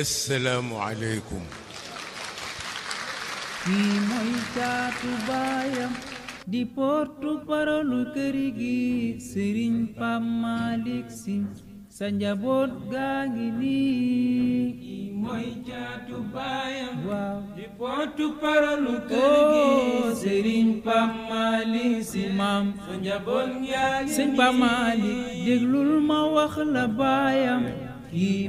asalaamualeykum. kii mooy caatu baayam di porte parole kër gi Serigne Pape Malick Sy sa njaboot gaa ngi nii. kii mooy caatu baayam. waaw di porte parole kër oh, gi Serigne Pape Malick Sy maam sa njaboot gaa ngi nii. Serigne Pape Malick déglul ma wax la baayam. fils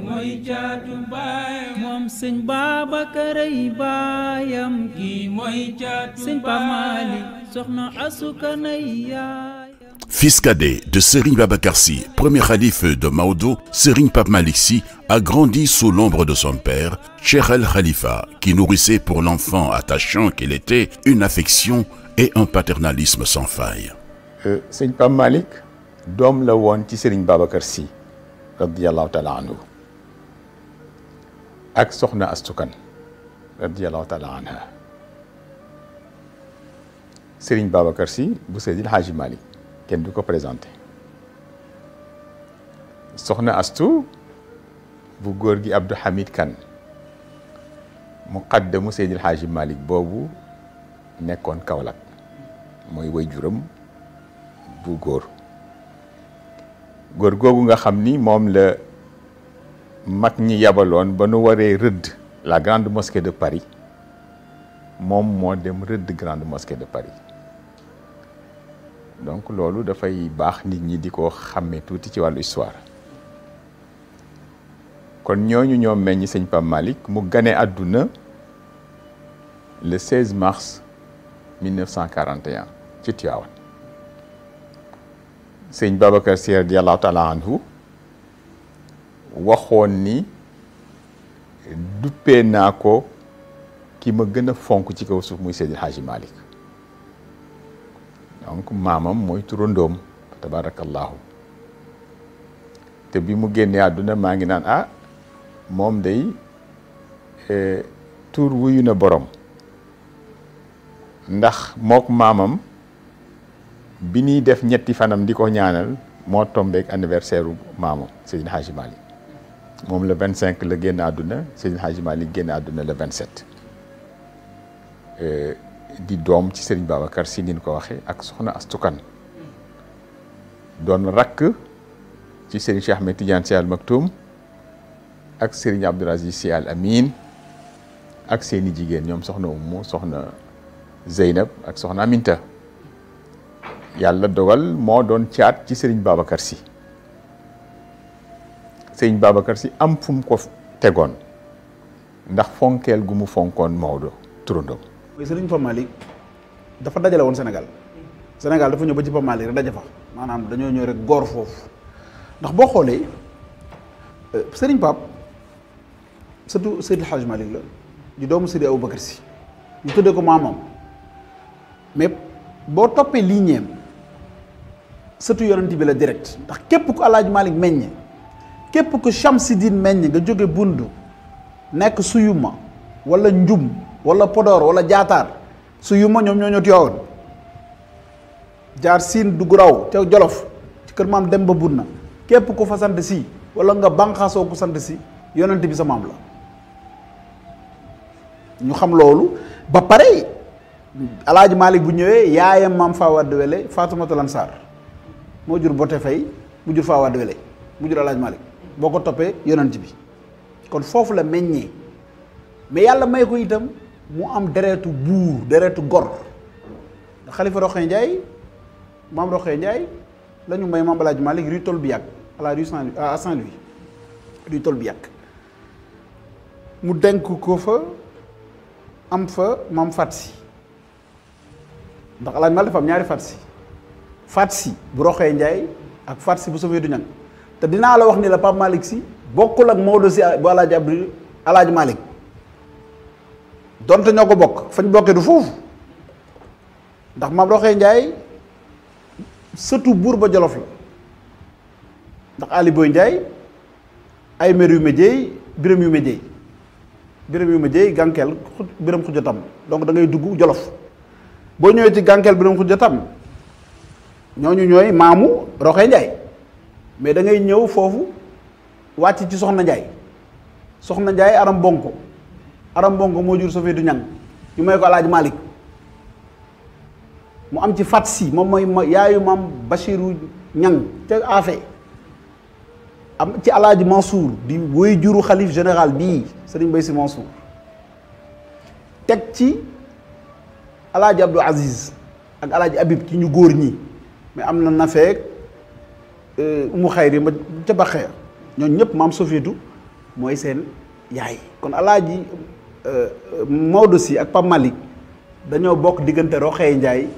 cadet de Serigne Babakarsi premier khalife de Maodo Serigne Pape Malick a grandi sous l'ombre de son père Cheikh Khalifa qui nourrissait pour l'enfant attachant qu'il était une affection et un paternalisme sans faille euh, la radiallahu taala anhu ak soxna astukan radiallahu taala anha Serigne Babacar Sy bu Seydil Hadji Malick kenn du ko présenté soxna astu bu góor gi Abdou Hamid Kane muqaddamu Seydil Hadji Malick boobu nekkoon Kaolack mooy way juram bu góor góor googu nga xamni mom le mak ñi yabalone ba nu la grande mosquée de Paris mom mo dem reud grande mosquée de Paris donc da fay bax nit ñi diko xamé xàmmee ci walu histoire kon ñooñu ñoo meññ sëñ pam malik mu gane aduna le 16 mars 1941 ci Tivaouane sëñ Babacar Sy radiallahu taala anhu waxoon ni duppee naa ko ki ma gën a fonk ci kaw suuf muy Seydil Hadji Malick donc maamam mooy turandoom tabarakallahu te bi mu génnee àdduna maa ngi naan ah moom day eh, tur wuyu na borom ndax mook maamam bi def ñetti fanam diko ñaanal mo tombé ak anniversaire mamo maamam Seydina Hadji Malick moom le 25 le génn aduna Seydina haji mali génn aduna le 27 euh di dom ci Serigne Babacar si ñin ko waxe ak soxna Astukan don rak ci Serigne Cheikh Ahmed Tidiane sial Maktoum ak Serigne Abdoul sial Amin ak seeni jigen ñom soxna mo soxna zainab ak soxna Aminta yalla dogal mo don ciat ci serigne Babacar si serigne Babacar si am fum ko tegon ndax fonkel gumu fonkon mawdo turundo moy serigne sëriñ Pape dafa dajale won senegal senegal dafa ñu ba ci Pape Malick rek daje fa maanaam dañoo rek gor foofu ndax bo xolé euh, serigne Pape surtout seydil Hadj malik. la di doomu Seydi Aboubacar si ñu tudde ko mamam mais boo toppee liiñeem sëtu yonent bi la direct ndax kep ku alhaj malik meññe kep ku sidin meññe nga joge bundu nek suyuma wala njum wala podor wala jatar, suyuma ñom ñoo ñot tiyowoon jaar sin du graw te jolof ci keur maam dem ba bunna kep ku fa sante si wala nga bankaso ku sante si yonent bi sa maam la ñu xam lolu ba pare alhaj malik bu ñewé yaayam maam fa wele fatumatul lansar moo jur Bote Faye mu jur Fawade Wele mu jur Alaaji Malick boo ko toppee yonent bi kon foofu la meññee mais yàlla may ko itam mu am deretu buur deretu gor ndax Xalifa Roxee Njaay maam Roxee Njaay la ñu may maam Alaaji Malick rue Tolbiac à la rue Saint-Louis à saint mu denk ko fa am fa maam Fatsi ndax Alaaji Malick dafa am ñaari Fatsi Fatou Sy bu Roxee Ndiaye ak Fatou Sy bu Sofiou Niang te dinaa la wax ni la Pape Malick si bokkul ak Maodo Sy bu Alaaji Abdou Alaaji donte ñoo ko bokk fañ bokkee du foofu ndax ma Roxee Ndiaye surtout buur ba Jolof la ndax Ali Boy ay mer yu ma jéey biram yu ma jéey biram yu ma jéey gànkeel biram xuja tam donc dangay dugg Jolof boo ñëwee ci gànkeel biram xuja tam ñoñu ñoy mamu roxee ndjay mais da ngay ñew fofu wati ci soxna ndjay soxna ndjay aram bonko aram bonko mo jur sofee du ñang ñu may ko malik mu am ci fatsi mom moy yaayu mam bashiru ñang te afé am ci alaaj mansour di way juru khalif general bi serigne bay si mansour tek ci alaaj abdou aziz ak alaaj abib ci ñu gor ñi mais am na nafeeg euh, umu xayri ma ca baxeya ñooñu ñëpp maam sofiitu mooy seen yaay kon alaaji euh, Maodo si ak Pape Malick dañoo bokk diggante Roxee Njaay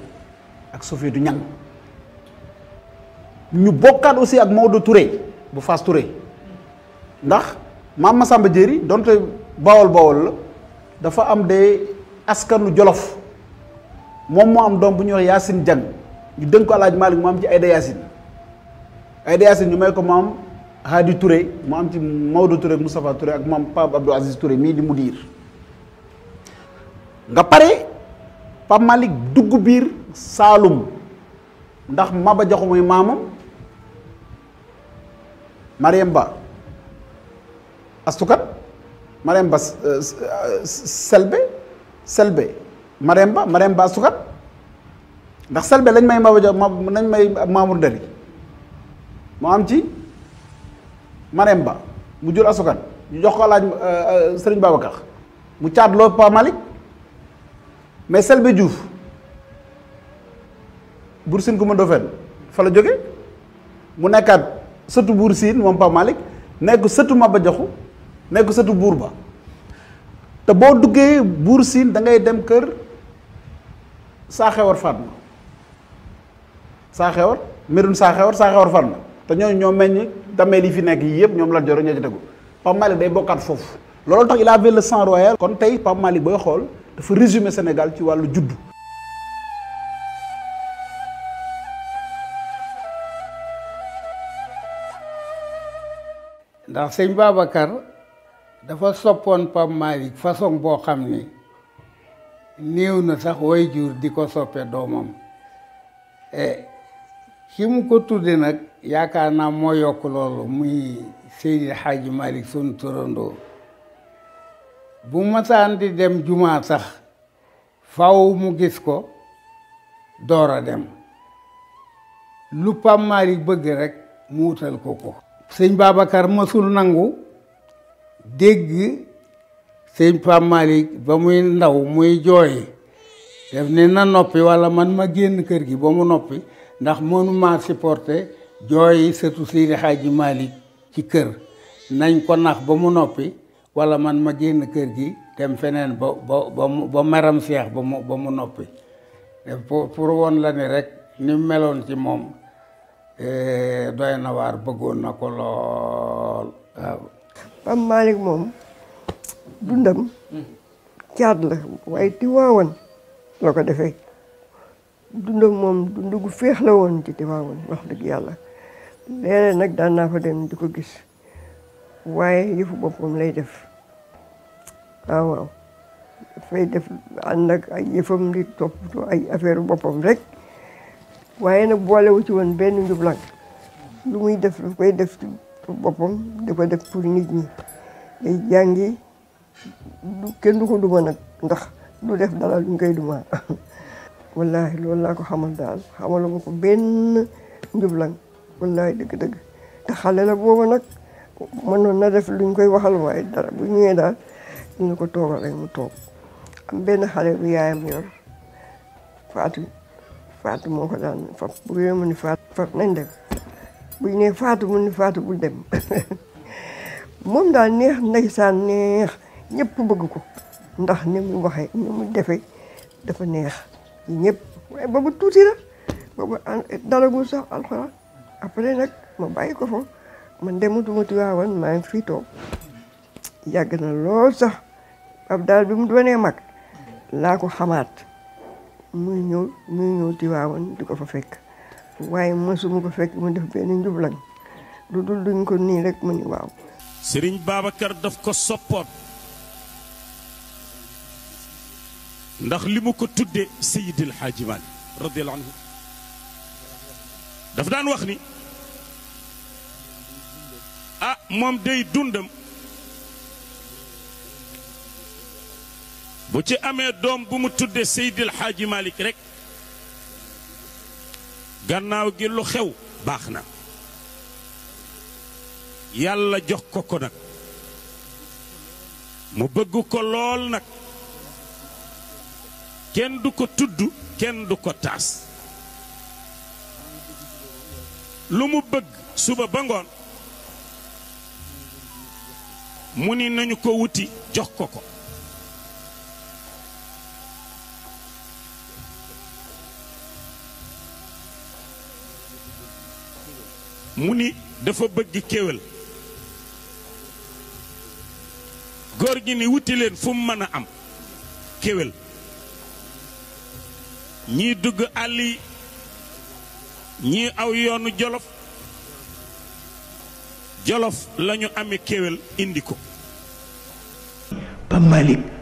ak sofiitu ñang ñu bokkaat aussi ak Maodo Touré bu Fass Touré ndax maam Masamba Jéeri donte bawol bawol la dafa am de askanu jolof moom moo am doom bu ñuy wax Yaasin Jang ñu dënk ko alaaj malik mu am ci ayda yasin ayda yasin ñu may ko mom hadi touré mu am ci maodo touré moustapha touré ak mam pap abdou aziz touré mi di mudir nga paré pap malik dugg bir salum ndax maba joxu muy mamam mariam ba astukat mariam ba selbe selbe mariam ba mariam ba astukat ndax Selbé lañ may Maba Diop lañ may Mamour Ndari mu am ci Marème Ba mu jur asukan ñu jox ko alaaj euh, euh, Sëriñ Babacar mu caat loo Pa Malick mais Selbé Diouf Buur Sine Coumba Ndoffène fa la jóge mu nekkaat sëtu Buur Sine moom Pa Malick nekk sëtu Maba joxu nekk sëtu buur ba te boo duggee Buur siin da ngay dem kër saa xewar Fatma saaxewar mbirum saaxewar saaxewar fan la te ñooñu ñoo meññ dameel yi fi nekk yii yëpp la joro ñoo ci pam mali day bokkaat foofu loolu tax il vel le sang royal kon tey Pape Malick booy xool dafa résumé Sénégal ci wàllu juddu ndax sëñ Babacar dafa soppone pam mali façon boo xam ni na sax way jur diko ko domam eh ki mu ko tudde nag yaakaar naa moo yokk loolu muy Seydi Hadji Malick sunu turandoo bu masaan di dem jumaa sax faw mu gis ko door a dem lu Pape Malick bëgg rek mu wutal ko ko sëñ Babacar masul nangu dégg sëñ Pape Malick ba muy ndaw muy jooy def ne na noppi walla man ma génn kër gi ba mu noppi ndax mënuma supporter jooyi surtout Seydi Hadji Malick ci kër nañ ko nax ba mu noppi walla man ma génn kër gi dem feneen ba ba ba ba maram seex ba mu noppi pour pour la ni rek ni meloon ci moom eh, doy na waar bëggoon na ko lool waaw. Pape Malick moom dundam. Hmm. caat la waaye Tiwaawan la ko defee. dund moom dund gu féex la woon ci Tiwaawan wax dëgg yàlla léeg nag daan naa fa dem di ko gis waaye yëfu boppam lay def waaw waaw dafay def ànd ak ay yëfam di toppatoo ay affaire boppam rek waaye nag boolewu ci woon benn njublang lu muy def daf koy def ci boppam di ko def pour nit ñi day jàngi kenn du ko duma nag ndax du def dalal luñ koy duma wallahi loolu laa ko xamal daal xamaluma ko benn njublang wallahi dëgg-dëgg te xale la booba nag noon na def luñ koy waxal waaye dara bu ñëwee daal dina ko toogal rek mu toog am benn xale bu yaayam yor Fatou ko daan fa bu mu ni Fatou fa nañ dem bu ñu nee Fatou mu ni Fatou bu dem moom daal neex ndeysaan neex ñëpp bëgg ko ndax ni mu waxee ni mu defee dafa neex ñëpp waaye boobu tuuti la boobu dalagul sax alxuraan après nag ma bàyyi ko foofu man demutuma Tiwaawan maa ngi fii toog yàgg na lool sax ab daal bi mu doonee mag laa ko xamaat muy ñëw muy ñëw Tiwaawan di ko fa fekk waaye mësuma ko fekk mu def benn njublañ lu dul duñ ko nii rek mu ni waaw Sëriñ Babacar daf ko soppoon ndax limu ko tudde Seydil Xaaji Maalik radiyallahu anhu daf daan wax ni ah mom day dundam bu ci amé dom bu mu tudde Seydil Xaaji Maalik rek gannaaw gi lu xew baxna yàlla jox ko ko nak mu bëgg ko lol nak kenn du ko tudd kenn du ko taas lu mu bëgg suba ba ngoon mu ni nañu ko wuti jox ko ko mu ni dafa bëgg kéwél góor gi ni wuti leen fu mën a am kéwel ñii dugg àll yi ñii aw yoonu jolof jolof lañu amee kéwél indi ko ba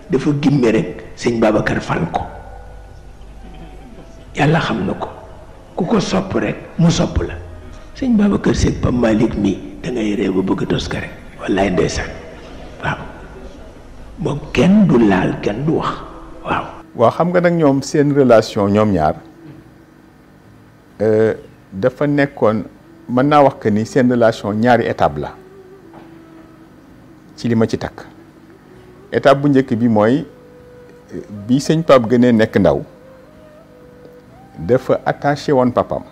dafa gimme rekk sëñ Babacar fal ko yàlla xam na ko ku ko sopp rekk mu sopp la sëñ Babacar Seck Pape Malick mii da ngay réew ba bëgg a tos ka rek wallaay waaw moom kenn du laal kenn du wax waaw waaw xam nga nag ñoom seen relation ñoom ñaar euh, dafa nekkoon mën naa wax que ni seen relation ñaari étape la ci li ma ci takk étape bu njëkk bi mooy bi sëñ Pape gënee nekk ndaw dafa attaché woon papam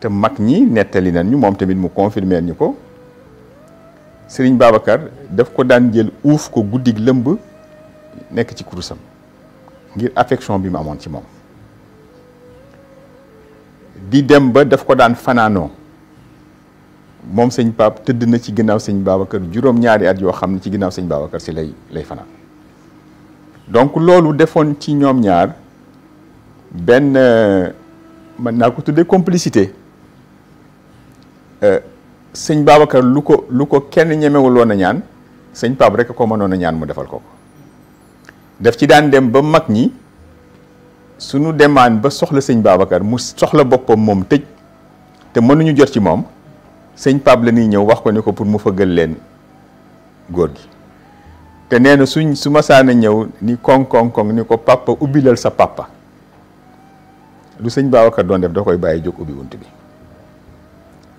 te mag ñi nettali nañ ñu moom tamit mu confirmer ñu ko Serigne Babacar daf ko daan jël uuf ko guddig lëmb nekk ci kurusam ngir affection bi mu amoon ci moom di dem ba daf ko daan fanaanoo moom sëñ Pape tëdd na ci ginnaaw sëñ Babacar juróom-ñaari at yoo xam ne ci ginnaaw sëñ Babacar si lay lay fanaan donc loolu defoon ci ñoom ñaar benn mën naa ko tuddee complicité euh, sëñ Babacar lu ko lu ko kenn ñemewul woon a ñaan sëñ Pape rek ko mënoon a ñaan mu defal ko def ci daan dem ba mag ñi suñu demaan ba soxla sëñ Babacar mu soxla boppam moom tëj te mënuñu jot ci moom sëñ Pape la ñuy ñëw wax ko ni ko pour mu fëggal leen góor gi te nee na suñ su masaana ñëw ni koŋ koŋ koŋ ni ko papa ubbilal sa papa lu sëñ Babacar doon def da koy bàyyi jóg ubbi bunt bi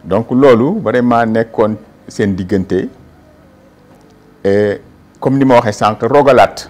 donc loolu vraiment nekkoon seen diggante comme ni ma waxee sànq rogalaat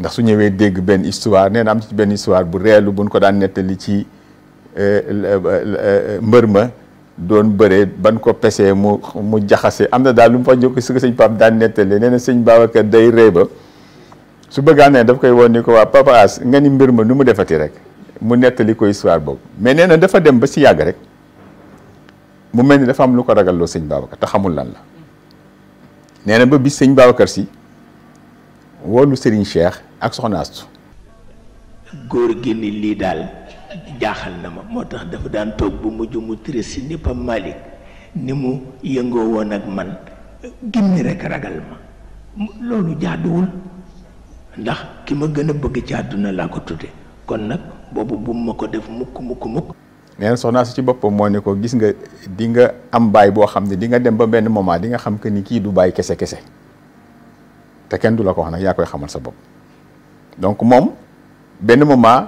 ndax su ñëwee dégg benn histoire nee na am ci benn histoire bu reelu buñ ko daan nettali ci eh, eh, eh, mbër ma doon bëree ban ko pesee mu jaxasee am na daal lu mu fa njëkk si sëñ Pape daan nettali nee na sëñ Babacar day ree ba su bëggaan ne daf koy woon ko waa Papa As nga ni mbir ma nu mu defati rek mu nettali ko histoire boobu mais nee na dafa dem ba si yàgg rek mu mel ni dafa am lu ko ragal loo sëñ Babacar te xamul lan la nee na ba bis sëñ Babacar si woolu Serigne Cheikh. ak soxna góor gi ni lii daal jaaxal na ma moo tax dafa daan toog bu mujj mu tris si ni Pape Malick ni mu yëngoo woon ak man gimmi rek ragal ma loolu jaaduwul ndax ki ma gën a bëgg ci àdduna laa ko tudde kon nag boobu bu ma ko def mukk mukk mukk neen soxna su ci boppam moo ne ko gis nga di nga am baay boo xam ne di nga dem ba benn moment dinga xam que ni kii du baay kese kese te kenn du la ko wax nag yaa koy xamal sa bopp donc moom ben moment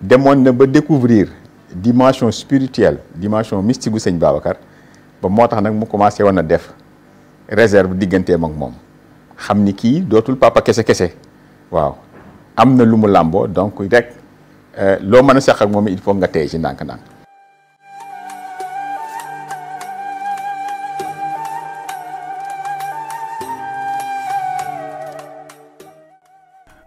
demoon na ba découvrir dimension spirituelle dimension mystique bu Babacar ba moo tax nag mu commencé woon def réserve digganteem ak moom xam ni kii le papa qu'est-ce qu'est-ce? na Amne mu donc rek euh, loo mën a sax ak moom il faut nga tey ci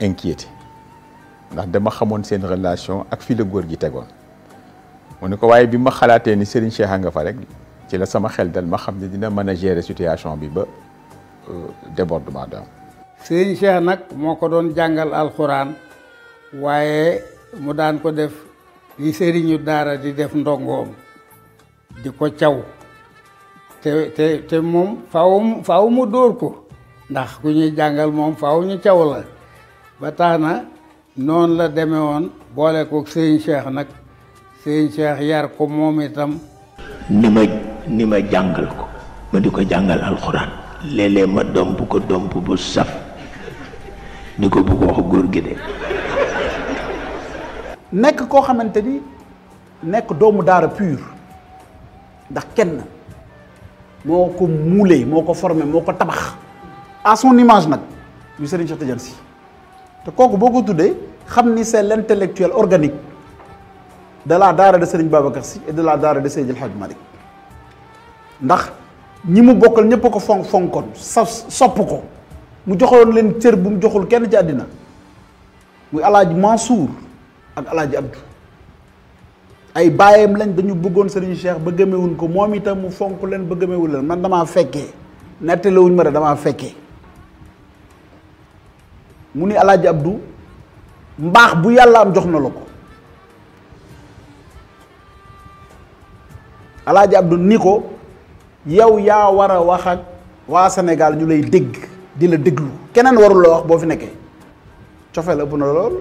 inquiété ndax dama xamoon seen relation ak fii la góor gi tegoon mu ne ko waaye bi ma xalaatee ni Serigne Cheikh nga fa rek ci la sama xel dal ma xam ne dina mën a gérer situation bi ba euh, débordement du am. Serigne nag moo ko doon jàngal alxuraan waaye mu daan ko def li Serigne daara di def ndongoom di ko caw te te te moom faaw mu faaw mu dóor ko ndax ku ñuy jàngal moom faaw ñu caw la. batana non la demee woon boole ko sëñ Cheikh nak sëñ Cheikh yar ko moom itam. nima ma ni ko ma diko jangal alquran lele léeg-léeg ma domp ko domp bu saf bu ko gor gi de. nek ko xamanteni ni nekk dara pur ndax kenn moko moulé moko formé moko tabax à son image nak ñu Serigne Cheikh Tidiane te kooku boo ko tuddee xam ni c'est l'intellectuel organique de la daara de Serigne Babacar Sy et de la daara de Seydil Hadj Malick ndax ñi mu bokkal ñëpp ko fonk fonkoon sa sopp ko mu joxoon leen cër bu mu joxul kenn ci àddina muy alaaji Mansour ak alaaji Abdou ay bàyyeem lañ dañu bëggoon Serigne Cheikh ba gëmewuñ ko moom itam mu fonk leen ba gëmewul leen man damaa fekkee nettalewuñ ma de damaa mu ni alaaji abdu mbaax bu yàlla am jox na la ko alaaji abdu ni ko yow yaa war a wax ak waa Sénégal ñu lay dégg di la déglu keneen warul wax boo fi nekkee cofe la ëpp na loolu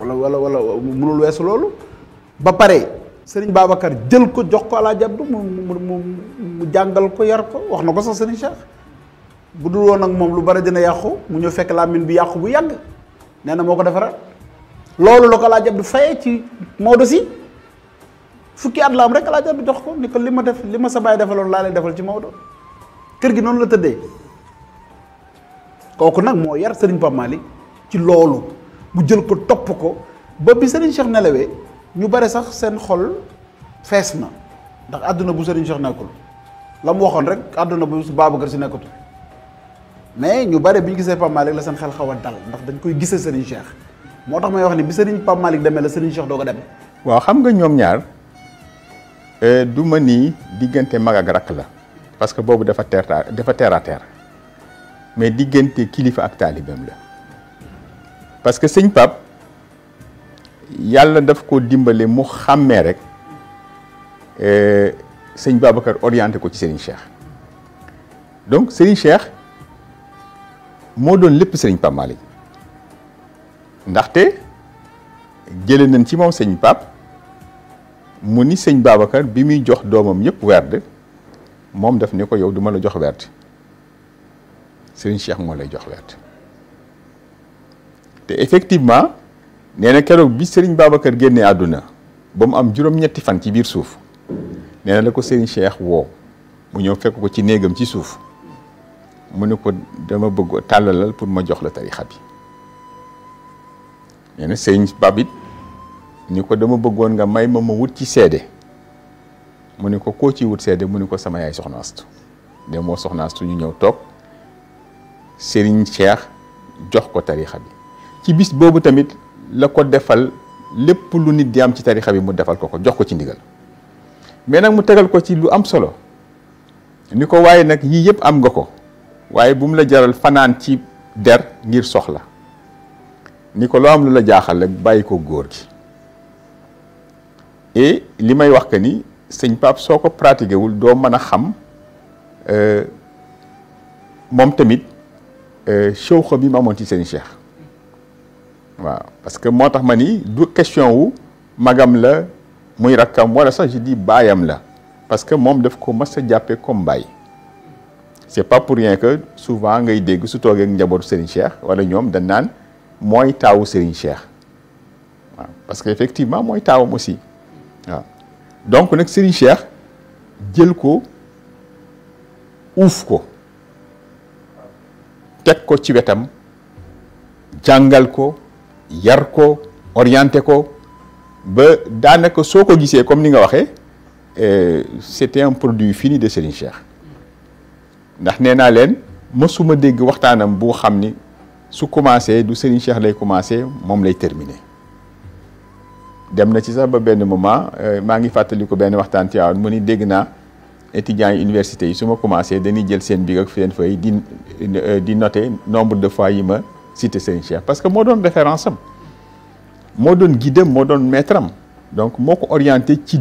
wala wala wala mënul weesu loolu ba pare sëriñ Babacar jël ko jox ko alaaji abdu mu mu mu jàngal ko yar ko wax na ko sax sëriñ Cheikh budul won ak mom lu bari dina yakku mu ñu fekk bi yakku bu yag neena moko defara lolo lako la ko laaj abdu ci Maodo si fukki at lam rek la abdu dox ko ni ko lima def lima sa bay defalon la lay defal ci kër gi non la koku nak mo yar Serigne Pape malik ci loolu mu jël ko top ko ba bi Serigne Cheikh nelawé ñu bari sax sen xol fess na ndax aduna bu Serigne Cheikh lam waxon rek aduna bu gar ci mais ñu bare bi ñu gisee Pape Malick la seen xel xaw a dal ndax dañ koy gisee Serigne Cheikh moo tax ma wax ni bi Serigne Pape Malick demee la Serigne Cheikh doo ko demee. waaw xam nga ñoom ñaar euh, du ma nii diggante mag ak rakk la parce que boobu dafa teer dafa terre mais diggante kilifa ak taalibeem la parce que sëñ Pape yàlla daf ko dimbale mu xàmmee rek euh, sëñ Babacar orienté ko ci Serigne Cheikh donc Serigne Cheikh. moo doon lépp pap Pape Malick ndaxte jële nañ ci moom sëñ Pape mu ni sëñ Babacar bi muy jox doomam yëpp werd moom daf ne yow duma la jox werd sëriñ Cheikh moo lay jox werd te effectivement nee na keroog bi sëriñ Babacar génnee aduna, ba am juróom-ñetti fan ci biir suuf nee na la ko sëriñ Cheikh woo mu ñëw fekk ko ci néegam ci suuf mu ne ko dama bëgg tàllalal pour ma jox la tarixa bi nee na sëñ babit ni ko dama bëggoon nga may ma ma wut ci seede mu ne ko koo ci wut sedde mu ni ko sama yaay soxna Astu de moo soxna Astu ñu ñëw toog Serigne Cheikh jox ko tarixa bi ci bis boobu tamit la ko defal lépp lu nit di am ci tarixa bi mu defal ko ko jox ko ci ndigal mais nag mu tegal ko ci lu am solo ni ko waaye nag yii yëpp am nga ko waaye bu la jaral fanaan ci der ngir soxla ni ko am lu la jaaxal rek ko góor et li may wax que ni sëñ Pape soo ko pratiqué wul doo mën a xam euh, moom tamit euh, bi mu amoon parce que moo tax question wu magam la muy wala je dis la parce que ko comme c'est pas pour rien que souvent ngay dégg su toogee ak njabootu Serigne Cheikh wala ñom dañ nan moy taw Serigne Cheikh parce que effectivement moy taw aussi donc nag Serigne Cheikh jël ko ouf ko tek ko ci wétam jangal ko yar ko orienté ko ba daanaka soo ko comme ni nga euh c'était un produit fini de Serigne Cheikh ndax neena len leen deg waxtanam bo xamni su commencé du Serigne Cheikh lay commencé mom lay terminé dem na ci ba moment euh, ma ngi ni université su commencé dañuy jël ak di euh, nombre de fois yi ma cité Serigne Cheikh parce que suis référence am guide je maître donc orienter ci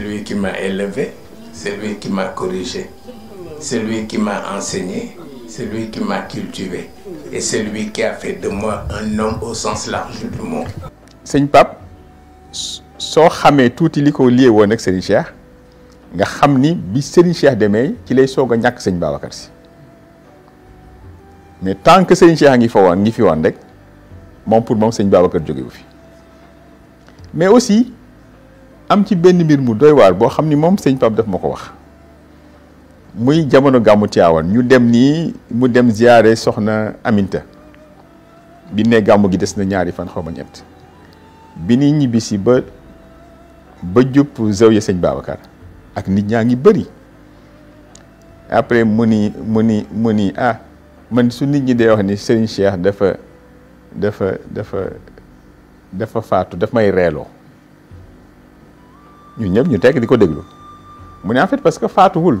lui qui m'a élevé, lui qui m'a corrigé c'est lui qui m'a enseigné, c'est lui qui m'a cultivé et c'est lui qui a fait de moi un homme au sens large du mot. Seigneur, Pape soo tout tuuti li ko lié woon ak Serigne Cheikh nga xam ni bi Serigne Cheikh demee ci lay soog a ñàkk Babacar si mais tant que Serigne Cheikh a ngi fa woon ngi fi woon rek moom pour moom seigneur Babacar jógewu fi mais aussi am ci benn mbir mu doy waar boo xam ni moom sëñ Pape daf ma wax. muy jamono gàmmu Tiwaawan ñu dem nii mu dem ziyaare soxna Aminta bi ne gi des na ñaari fan ñett bi ni ñibbisi ba ba jub zawiya sëñ Babacar ak nit ñaa ngi bëri après mu ni mu ni mu ni ah man su nit ñi dee wax ni Serigne Cheikh dafa dafa dafa dafa faatu daf may reeloo ñu ñëpp ñu tekk di ko déglu mu ne en fait parce que faatuwul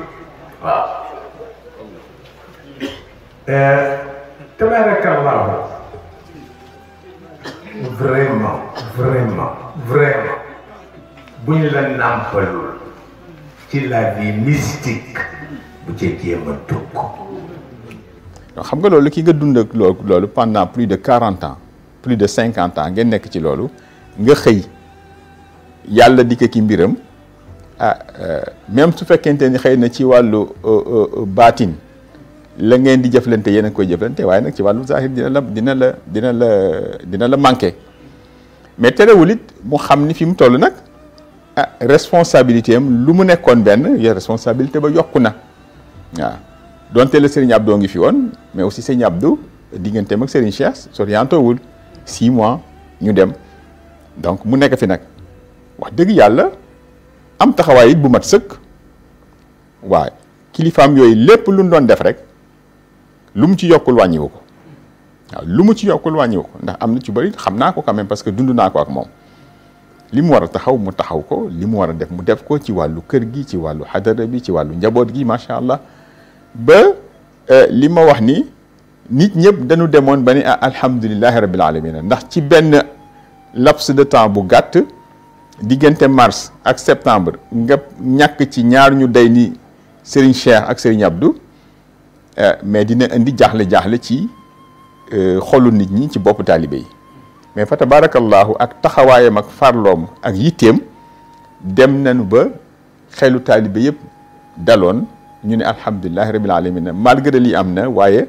waaw tabarakallahu vraiment vraiment vraiment bu ñu la nàmpalul ci la vie mystique bu ca jéem a dugg xam nga loolu ki nga dund ak loolu pendant plus de quarante ans plus de cinquante ans ngeen nekk ci loolu nga xëy yàlla di ko ki mbiram ah euh, même su fekkente ni xëy na ci wàllu euh, euh, baatin la ngeen di jëflante yéen a koy jëflante waaye nag ci wàllu zahir dina la dina la dina la dina la manqué mais terewul it mu xam ni fi mu toll nag ah responsabilité lu mu nekkoon benn ya responsabilité ba yokku na waaw donte la Serigne Abdou ngi fi woon mais aussi Serigne Abdou digganteem ak Serigne Cheikh soriantowul six mois ñu dem donc mu nekk fi nag wax dëgg yàlla. am taxawaay bu mat sëkk waaye kilifaam yoy lépp lu mu doon def rek lu mu ci yokul wañi wuko waaw lu mu ci yokul wañi wuko ndax am na ci bari xamna ko quand même parce que dunduna ko ak mom lim wara taxaw mu taxaw ko lim wara def mu def ko ci walu keur gi ci walu hadara bi ci walu njabot gi ma sha allah ba lima wax ni nit ñëpp dañu demone bani alhamdullilah rabbil alamin ndax ci ben laps de temps bu gàtt digënté mars ak septembre nga ñak ci ñaar ñu day ni Serigne Cheikh ak Serigne Abdou euh mais dina indi jaxlé jaxlé ci euh xolu nit ñi ci bop talibé yi mais fa tabarakallah ak taxawaayam ak farlom ak yitém dem nañu ba xelu talibé yëpp dalon ñu ni alhamdulilahi rabbil alamin malgré li amna wayé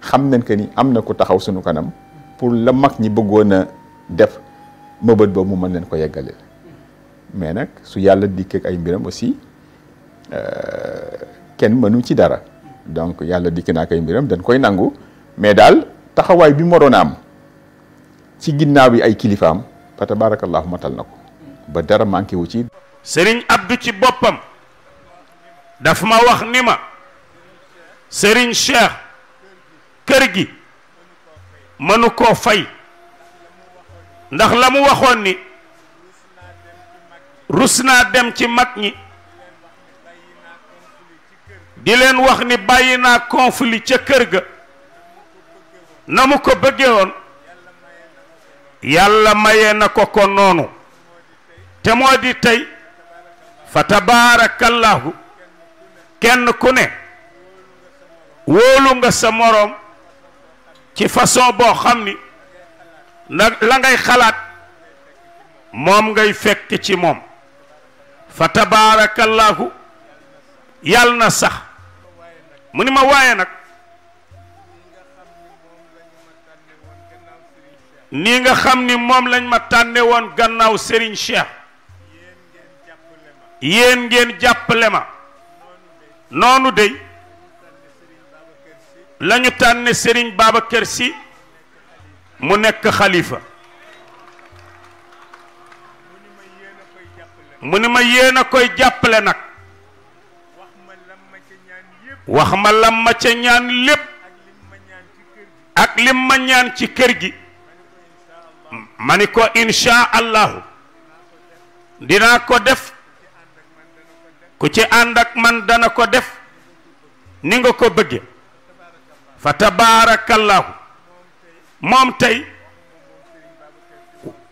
xam nañ que ni amna ko taxaw suñu kanam pour la mag ñi bëggona def mëbët ba mu mën len ko yeggaleel mais nag su yàlla dikk ay mbiram aussi euh, kenn mënu ci dara donc yàlla dikk naa ak ay mbiram dañ koy nangu mais daal taxawaay bi mu waroon a am ci ginnaaw bi ay kilifaam fa tabaarakallaahu matal na ko ba dara manqué wu ci. Serigne Abdou ci boppam daf ma wax ni ma Serigne Cheikh kër gi mënu koo fay ndax la mu waxoon ni. rus naa dem ci mag ñi di leen wax ni bàyyi naa conflit ca kër ga na mu ko bëggee woon yàlla maye na ko ko noonu te moo di tey fa tabaarakallahu kenn ku ne wóolu nga sa moroom ci façon boo xam ni la ngay xalaat moom ngay fekk ci moom fa tabaarakallaahu yàlla na sax mu ni ma waaye nag nii nga xam ni moom lañ ma tànnee woon gannaaw sëriñ Cheikh yéen ngeen jàppale ma noonu dey lañu tànne Serigne Babacar Sy mu nekk xalifa mu ne ma yéen a koy jàppale nag wax ma lam ma ca ñaan lépp ak lim ma ñaan ci kër gi ma ni ko insha allahu dinaa ko def ku ci ànd ak man dana ko def ni nga ko bëgge fa tabaarakallahu moom tey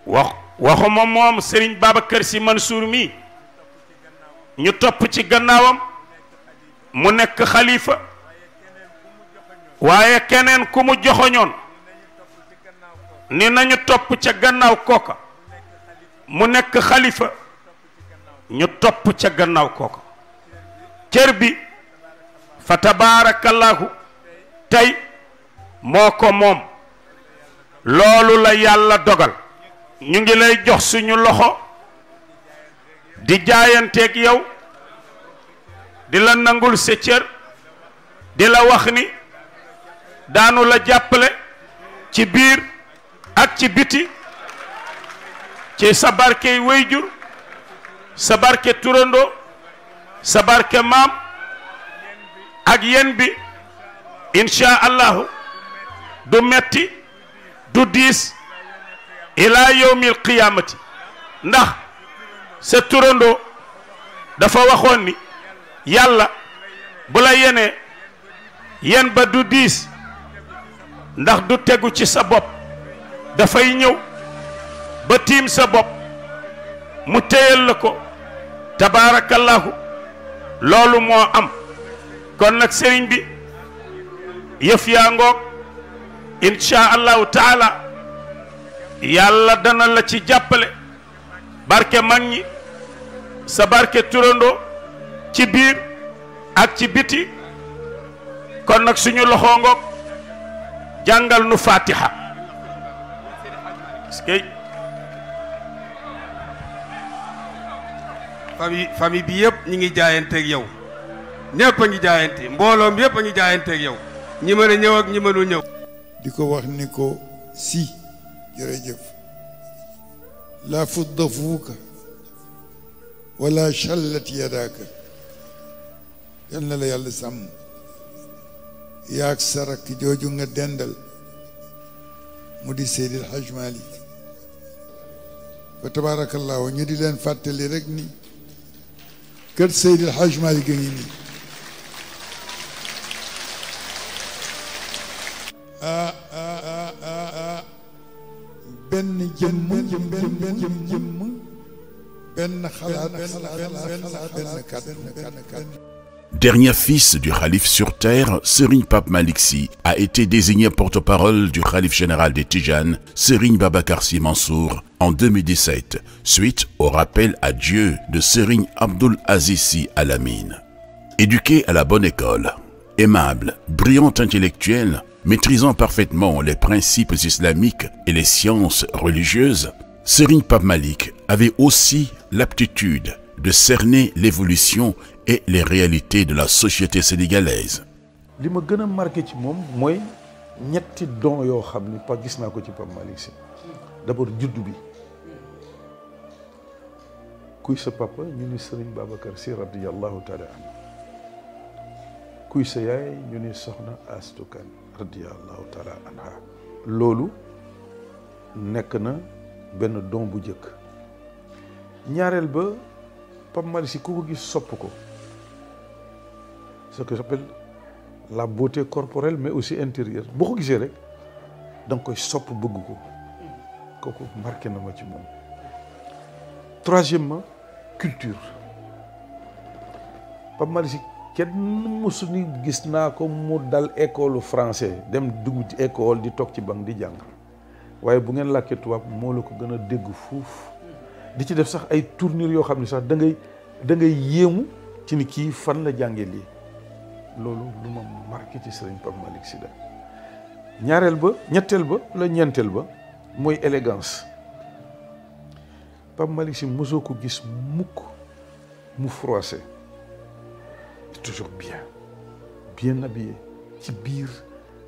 wax waxuma moom Serigne Babacar Sy Mansour mi ñu topp ci gannaawam mu nekk xalifa waaye keneen ku mu joxoñoon ni nañu topp ca gannaaw kooka mu nekk xalifa ñu topp ca gannaaw kooka cër bi fa tabaarakallaahu tey moo ko moom loolu la yàlla dogal ñu ngi lay jox suñu loxo di jaayanteeg yow di la nangul sa di la wax ni daanu la jàppale ci biir ak ci biti ci sa barkey wayjur sa barke turandoo sa barke maam ak yéen bi incha allahu du metti du diis ila yowmil qiyamati ndax sa turandoo dafa waxoon ni yàlla bu la yenee yen ba du diis ndax du tegu ci sa bopp dafay ñëw ba tiim sa bopp mu téyal la ko tabaarakallahu loolu moo am kon nag sëriñ bi yëf yaa ngoog incha allahu taala yàlla dana la ci jàppale barke mag ñi sa barke turandoo ci biir ak ci biti kon nag suñu loxo ngoog jàngal nu fatiha kay famille famille bi yëpp ñi ngi jaayanteeg yow ñëpp a ngi jaayante mbooloom yëpp a ngi jaayanteeg yow ñi mën a ñëw ak ñi mënul ñëw di ko wax ni ko si جرجف لا فض فوك ولا شلت يداك كان لا يل سم ياكسرك جوجو ندندل مودي سيد الحاج مالك فتبارك الله ني دي لين فاتلي رك سيد الحاج مالك ني آه Dernier fils du Khalif sur terre, Serigne Pape Malixi, a été désigné porte-parole du Khalif général des Tijan, Serigne Babakarsi Mansour, en 2017, suite au rappel à Dieu de Serigne Abdul Azizi Alamine. Éduqué à la bonne école, aimable, brillant intellectuel, maîtrisant parfaitement les principes islamiques et les sciences religieuses, Serigne Pape Malik avait aussi l'aptitude de cerner l'évolution et les réalités de la société sénégalaise. li ma gën a marqué ci moom mooy ñetti don yoo xam pas gis naa d'abord juddu bi kuy sa papa ñu ni Serigne Babacar Sy radiyallahu taala anhu kuy sa radiallahu taala anha lolu, nekna na benn don bu jeuk ñaarel ba pam mari ci ko gis sop ko ce que j'appelle la beauté corporelle mais aussi intérieure bu ko gisee rek da koy sop bëgg ko kooku marqué na ma ci troisièmement culture pam mari Sy kenn ni gis naa ko mu dal école français dem dugg ci école di toog ci bang di jàng waaye bu ngeen làkkee tubaab moo la ko a dégg fuuf di ci def sax ay tournir yoo xam ne sax da ngay da ngay yéemu ci ni kii fan la jàngee lii loolu lu ma marqué ci Serigne Pape Malick Sida ñaareel ba ñetteel ba la ñeenteel ba mooy élégance Pape Malick si mosoo ko gis mukk mu froissé toujours bien bien habillé ci biir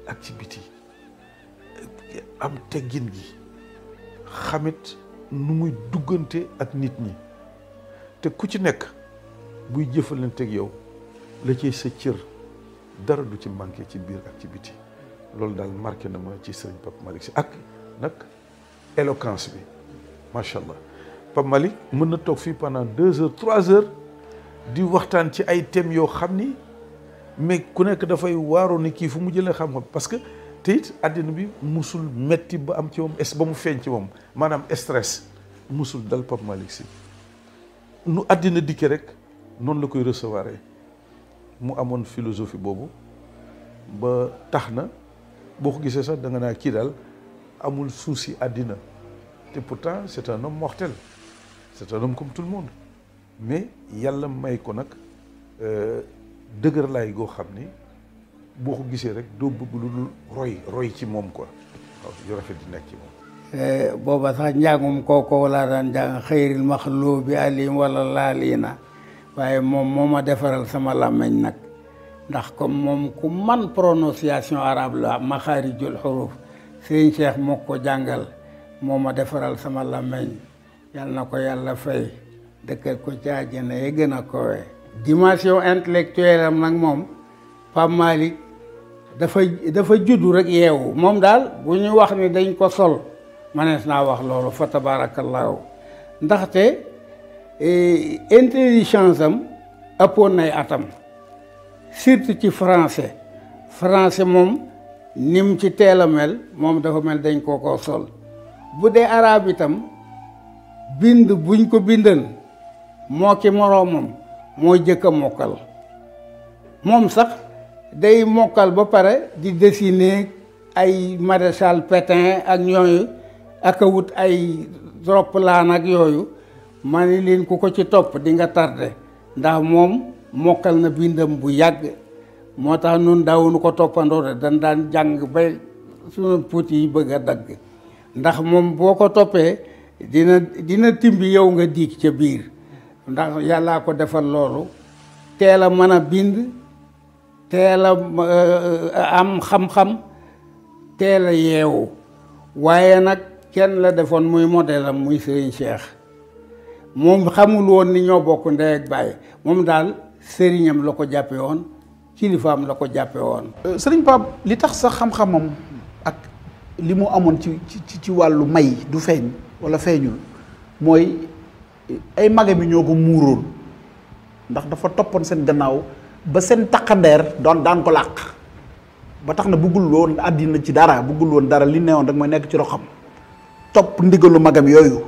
ak ci biti am tegingi, Hamet xamit dougante muy nitni. ak te ku ci nekk buy jëfalanteeg yow la ciy sa cër dara du ci manqué ci biir ak ci biti loolu daal marqué na ma ci sëriñ ak nak éloquence bi machallah. allah malik, Malick mën na pendant deux heures trois heures di waxtaan ci ay thèmes yoo xam mais ku nekk dafay ni xam parce que te it bi musul metti ba am ci es ba mu feeñ ci moom maanaam stress musul dal rek noonu la koy recevoir mu amoon philosophie boobu ba tax na boo ko da nga naa kii amul souci pourtant c'est un homme mortel c'est un homme comme tout le monde mais yàlla may ko nag euh, dëgër laay goo xam ne boo ko gisee rek doo bëgg lu dul roy roy ci moom ko waaw yu di nekk ci moom. Eh, booba sax njàngum kooku laa daan njàng xëyril maxluubi alim wala laaliina waaye moom moo ma defaral sama làmmeñ nag ndax comme moom ku man prononciation arabe la maxaarijul xuruf sëriñ Cheikh moo ko jàngal moo ma defaral sama làmmeñ yal na ko yàlla fay. dëkkal ko ci àjjana ya gën a dimension intellectuelle am nag moom Pape dafa dafa juddu rek yeewu moom daal bu ñu wax ni dañ ko sol manees naa wax loolu fa tabaarakallaahu ndaxte e, intelligence am ëppoon nay atam surtout ci français français moom nim ci teel a mel moom dafa mel dañ koo ko sol bu dee arabe itam bind buñ ko bindan moo ki moroomam moo jëkk a mokkal moom sax day mokkal ba pare di dessiner ay maréchal petin ak ñooyu ak wut ay roplaan ak yooyu ma ni leen ku ko ci topp di nga tardé ndax moom mokkal na bindam bu yàgg moo tax nun daawuñu ko toppandoo de dañ daan jàng ba sunu puut yi bëgg a dagg ndax moom boo ko toppee dina dina timbi yow nga diig ca biir ndax yàllaa ko defal loolu teel a mën a bind teel euh, euh, am xam-xam teel a yeewu waaye nag kenn la defoon muy modèle muy Serigne Cheikh moom xamul woon ni ñoo bokk ndey ak baay moom daal sëriñam la ko jàppe woon kilifaam la ko jàppe woon euh, sëriñ Pape li tax sa xam-xamam ak li mu amoon ci ci ci wàllu may du feeñ wala feeñul mooy ay magé mi ñoko mourul ndax dafa toppoon sen gannaaw ba sen takkandeer don dan ko làq ba taxna na buggul woon àddina ci dara bugul won dara li neewon rek moy nek ci roxam top ndigalu magam yoyu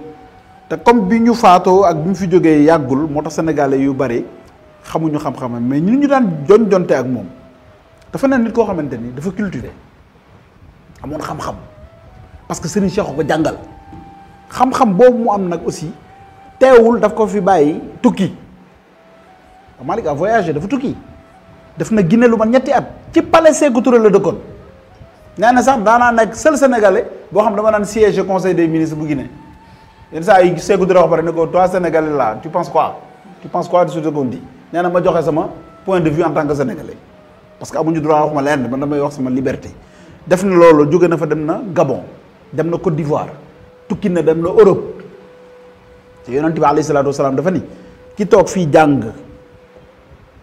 te comme biñu faato ak bi fi jógee yagul motax sénégalais yu bari xamuñu xam xam mais ñu ñu daan jon jonte ak mom dafa ne nit ko xamanteni dafa cultiver amone xam-xam parce que Serigne Cheikh ko jangal xam-xam bobu mu am nag aussi téwul daf ko fi bàyyi tukki malik a voyagé dafa tukki def na guiné lu man ñetti at ci palais ségu Touré la dëkkoon néna na sax daanaa nek seul sénégalais bo xam dama nan siège conseil des ministres bu guiné yenn saa yi ségu Touré wax pare ne ko toi sénégalais là tu penses quoi tu penses quoi de ce qu'on dit nee ma joxé sama point de vue en tant que sénégalais parce que amuñu droit wax ma lenn man damay wax sama liberté def na lolu jóge na fa dem na Gabon dem na Côte d'Ivoire tukki na dem na Europe. te yonent bi alayhi salaatu wasalaam dafa ni ki toog fii jàng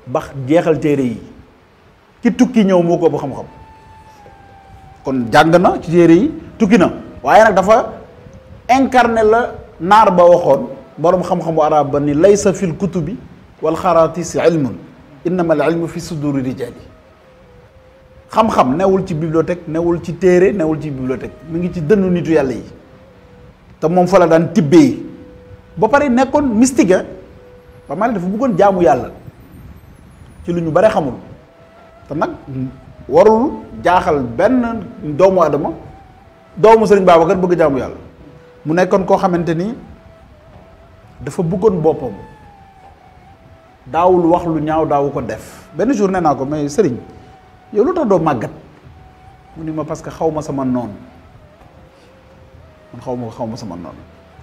ba jeexal téere yi ki tukki ñëw moo ko bu xam-xam kon jàng na ci téere yi tukki na waaye nag dafa incarné la naar ba waxoon boroom xam-xamu arab ba ni laysa fil kutubi wal xaraatisi ilmun innama al ilmu fi suduri rijaali xam-xam newul ci bibliothèque newul ci téere newul ci bibliothèque mu ngi ci dënnu nitu yàlla yi te moom fa la daan tibbee ba paré nekkon mystique ya, ba maanaam dafa bëggoon jaamu yalla ci luñu bari xamul te nak warul jaaxal ben doomu adama doomu baba gën bëgg jaamu yalla mu nekkon ko xamanteni ni dafa bopam dawul wax lu ñaaw ko def ben jour né nako mais serigne yow lu tax do magat mu ni ma parce que xawma sama non man xaw sama non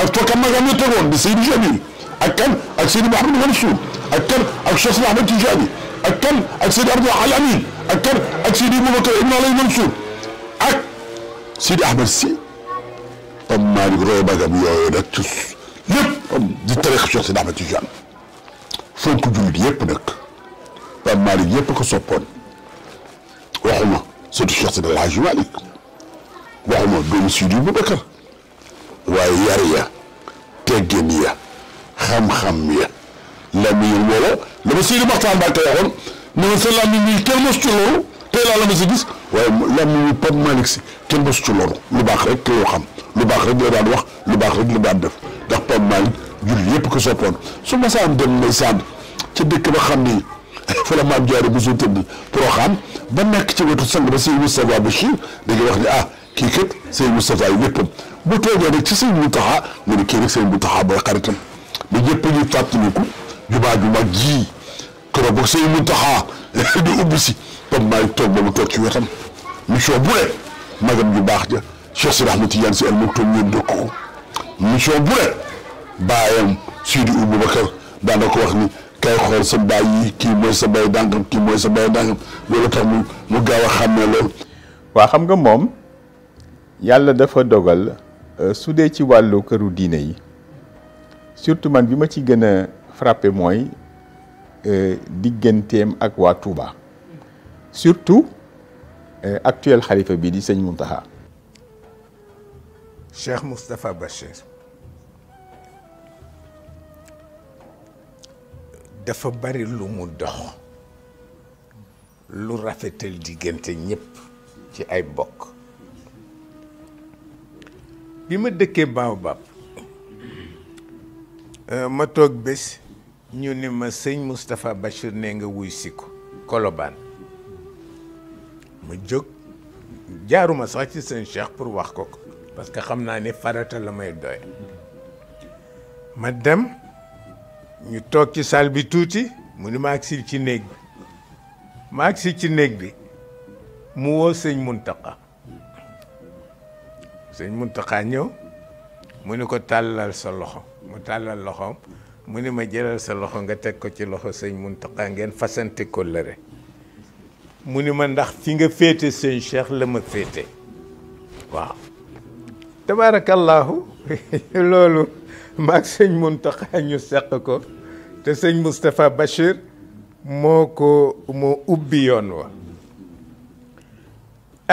أتكلم عن ميتون بسيب جابي أتكلم أسيد محمد منشود أتكلم أشخاص محمد تجابي أتكلم أسيد عبد الله علامي أتكلم أسيد أبو بكر ابن علي منشود أك سيد أحمد سي أم ما نقرأ بقى بيا نتوس يب أم دي تاريخ شخص أحمد تجابي فوق جل يبنك أم ما يبقى صبون وهم سيد الشخص الحاج مالك وهم دوم سيد أبو بكر waaye yar ya teggin ya xam-xam ya lamiñ woowa la ma Seydi Maxtaar Mbàkke waxoon ne ma sa lamiñ bi kenn mosu ci loolu tey ma si gis waaye lamiñ Pape Malick si kenn mosu ci loolu lu baax rek la xam lu baax rek la daan wax lu baax rek la def ndax Pape Malick julli yëpp ko soppoon su ma saa am dem nay sànni dëkk ba xam ni fa la maam jaare bu su tëdd Poroxaan ba nekk ci wetu sang ba Seydi Moustapha Bachir da ngay wax ni ah kii kat Seydi Moustapha yi léppam bu toogee rek ci sëñ Muntaxa mu ne kii rek sëñ Muntaxa ba xaritam ba ñëpp ñu fàttaliku jumaa ju mag ji keroog ba sëñ Muntaxa di ubbi si comme maa ngi toog ba mu toog ci wetam mission bu ne magam ju baax ja Cheikh Sidi Ahmed Tidiane si almaktoum ñoom dëkk ko mission bu ne baayam Sidi Aboubacar daana ko wax ni kay xool sa baay yi kii mooy sa baay dàngam kii mooy sa baay dàngam loolu tax mu mu gaaw a xàmmee loolu. waa xam nga moom yàlla dafa dogal. Euh, su ci wàllu këru diiné yi surtout man bima ci gëna a moy euh digganteem ak wa Touba surtout euh, actuel khalifa bi di Seigne Muntaxa Cheikh Moustapha Bachir dafa bari lu mu dox lu ñëpp ci ay bokk bi ma dëkkee Baobab euh, ma toog bés ñu ne ma sëñ Moustapha Bachir ne nga wuy si ko Colobane ma jóg jaaruma sax ci sëñ Cheikh pour wax ko ko parce que xam naa ni farata la may doy ma dem ñu toog ci salle bi tuuti mu ni ma agsi ci néeg bi ma agsi ci néeg bi mu woo sëñ Mountakha sëñ Muntaxa ñëw mu ni ko tàllal sa loxo mu tàllal loxoom mu ni ma jëlal sa loxo nga teg ko ci loxo sëñ Muntaxa ngeen fasante kóllëre mu ni ma ndax fi nga féete sëñ Cheikh la ma féete waaw tabaarakallaahu loolu maag sëñ Muntaxa ñu seq ko te sëñ Moustapha Bachir moo ko moo ubbi yoon wa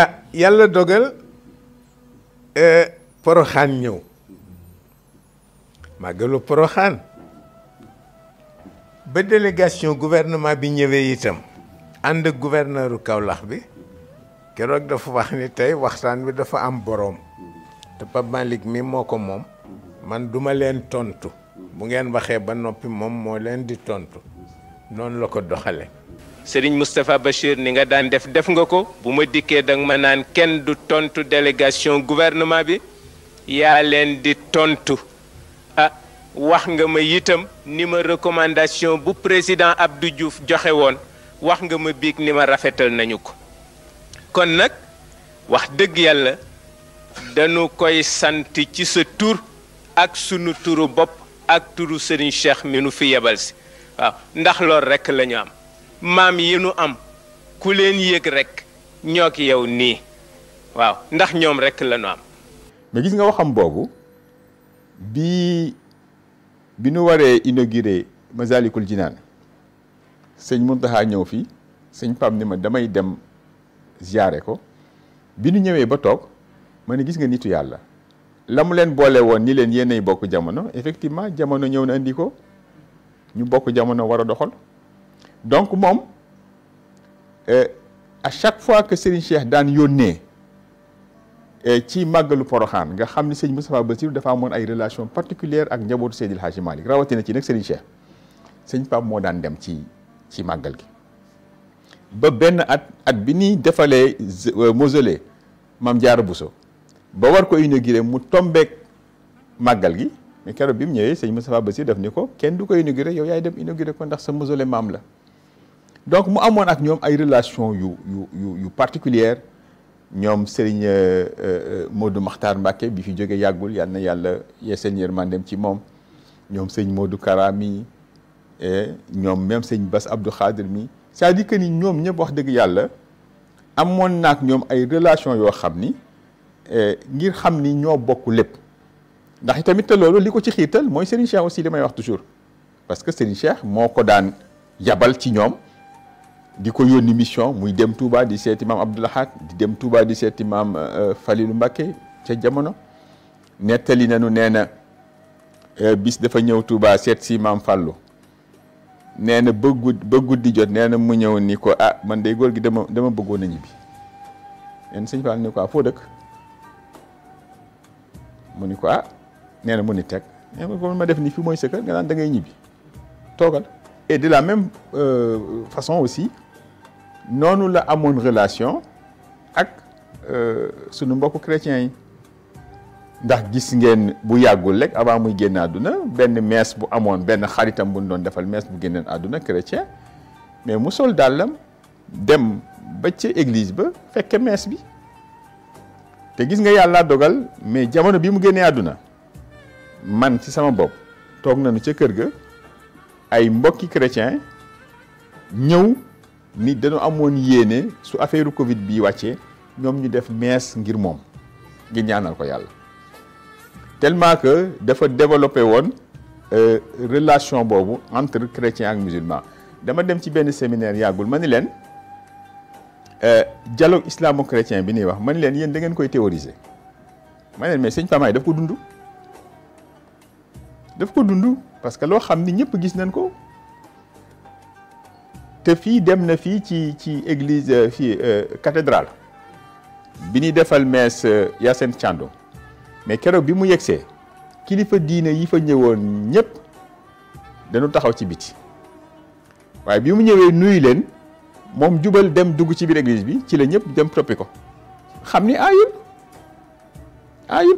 ah yàlla dogal Eh, poroxaan ñëw màggalu poroxaan ba délégation gouvernement bi ñëwee itam ànd ak gouverneuru Kaolack bi keroog dafa wax ni tey waxtaan bi dafa am boroom te Pape Malick mi moo ko moom man duma leen tontu bu ngeen waxee ba noppi moom moo leen di tontu noonu la ko doxale Serigne Moustapha Bachir ni nga daan def def nga ko bu ma dikkee danga ma naan kenn du tontu délégation gouvernement bi yaa leen di tontu ah wax nga ma itam ni ma recommandation bu président Abdou Diouf joxe woon wax nga ma biig ni ma rafetal nañu ko kon nag wax dëgg yàlla dañu koy sant ci sa tur ak sunu turu bopp ak turu Serigne Cheikh mi nu fi yebal si waaw ndax loolu rekk lañu am maam yi nu am ku leen yëg rek ñoo ki yow nii waaw ndax ñoom rek la nu am. mais gis nga waxam boobu bi bi nu waree inauguré Masalikul Jinaan sëñ Muntaxa ñëw fii sëñ Pam ni ma damay dem ziyaare ko bi nu ñëwee ba toog ma ne gis nga nitu yàlla. lamu leen boole woon ni leen yéenay bokk jamono effectivement jamono ñëw na indi ko ñu bokk jamono war a doxal. donc euh, à chaque fois que Serigne Cheikh chère dans euh, ci màggalu Poroxaan nga xam ni que Moustapha dafa amoon relation particulière avec njabootu Seydil Hadji Malick rawatina ci que Serigne Cheikh Serigne Pape Mo Dan dem ci ci gi ba ben at at bi ni defalee euh, mausolée Bousso ba war ko inauguré mu tombé magal gi mais kéro ñëwé Moustapha ko kenn du ko inauguré yow dem inauguré ko ndax sa la donc mu amoon ak ñoom ay relation yu yu yu yu particulière ñoom Serigne euh, euh, Modou Makhtar Mbake, bi fi jóge yàggul yal na yàlla yeeseen yërmandem ci moom ñoom sëñ Modou Kara mi ñoom même sëñ Bass Abdou Khadir mi c'est-à-dire que ni ñoom ñëpp wax dëgg yàlla amoon naak ñoom ay relation yoo xam ni eh, ngir xamni ño bokku lepp ndax tamit te loolu li ci xital moy Serigne Cheikh aussi limay wax toujours parce que Serigne Cheikh moko daan yabal ci ñom diko yoni mission muy dem Touba di set imam Abdou Lahad di dem Touba di set imam euh, Falilou Mbacké ca jamono netali nañu nee na euh, bis dafa ñew Touba seet si maam Fallou nee na ba guddi jot nee mu ñew ni ko ah man day gol gi dama dama bëggoon a ñibbi nee na sëñ Fall ni ko ah foo mu ni ko ah nee mu ni teg nee eh, na ma def ni fi moy sa nga naan da ngay ñibi togal et de la même euh, façon aussi noonu la amoon relation ak euh, sunu mbokk chrétiens yi ndax gis ngeen bu yàggul lekk avant muy génn àdduna benn mees bu amoon benn xaritam bu ñu doon defal mees bu génneen àdduna chrétien mais mu sol dàllam dem ba ca église ba fekk mees bi te gis nga yàlla dogal mais jamono bi mu génnee àdduna man ci sama bopp toog nañu ca kër ga ay mbokki chrétien ñëw ni dañu amone yéene su affaire Covid bi wàccee ñom ñu def mees ngir mom gi ñaanal ko yalla tellement que dafa won euh, relation bobu entre chrétien ak musulman dama dem ci benn séminaire yagul ma ni euh, dialogue islamo-chrétien bi ni wax ma ni yeen da ngeen koy théoriser ma leen mais seigne Pamaay daf ko dund daf ko dund parce que lo xamni ñepp gis nañ ko te fi dem na fi ci ci église euh, fi euh, cathédrale bi ñuy defal mees euh, Yacine tiando mais kéro bi mu yegsee kilifa diiné yi fa ñëwoon ñëpp dañu taxaw ci biti waye bi mu ñëwé nuyu len mom jubal dem dugg ci biir église bi ci la ñëpp dem toppi ko xam ni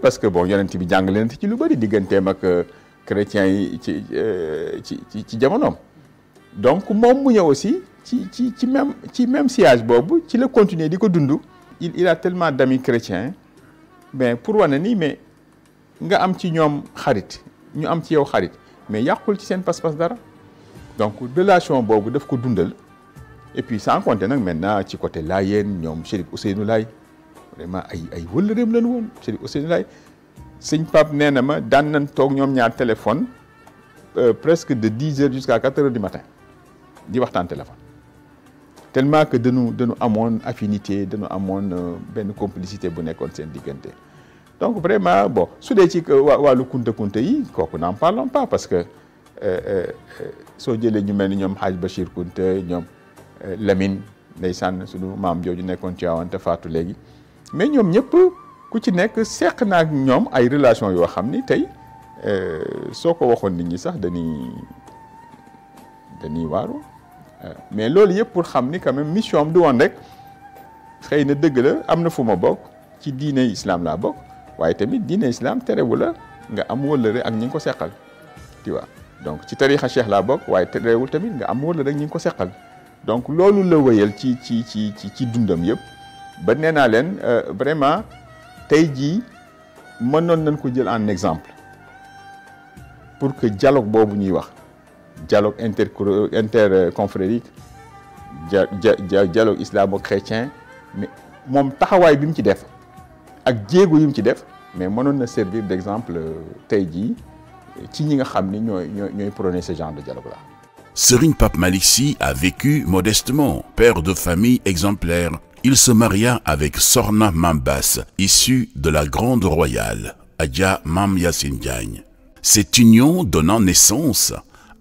parce que bon yonent bi jàng leen ci lu bari digganteem ak chrétien yi ci ci ci jamonoom donc mon aussi même si même siège. le ci il a tellement d'amis chrétiens mais pour wane mais nga am ci xarit ñu am ci mais yàqul ci pas dara donc relation boobu daf ko et puis sans compter maintenant ci côté Layeen Lay. vraiment ay na ma téléphone euh, presque de 10 h jusqu'à 4 h du matin di waxtaan téléphone tellement que de nous de nous amone affinité de nous amone euh, ben complicité bu nekkoon sen diggante donc vraiment bon su dee ci wàllu kunta kunta yi kooku n'en parlons pas parce que euh, euh, so jëlee ñu melni ñom Haj Hadj Bachir Kunta ñoom euh, Lamine ndeysaan suñu mam joju nekkoon ci Tiwaawan te faatu mais ñom ñëpp ku ci nekk seq naa ak ñoom ay relation yo xamni tay euh, soko ko nit ñi sax dañuy dañuy waaru mais lolu pour xamni quand même mission am du won rek la amna fuma bok islam la islam nga am ak ñi donc ci tarixa cheikh laa bokk tamit nga am donc lolu la ci ci ci ci dundam ba euh, vraiment un en exemple pour que dialogue bobu dialogue interconfrérique euh, dialogue islamo-chrétien mais ne taxaway bi mu ci def ak djégo yi mu ci def mais mënoon na servir d'exemple euh, tay jii ci ñi nga xamni ñoy ñoy prôner ce genre de dialogue là. Serigne Pape Malixi a vécu modestement père de famille exemplaire il se maria avec Sorna Mambas, issue de la grande royale Adja Mam Yassin Diagne cette union donnant naissance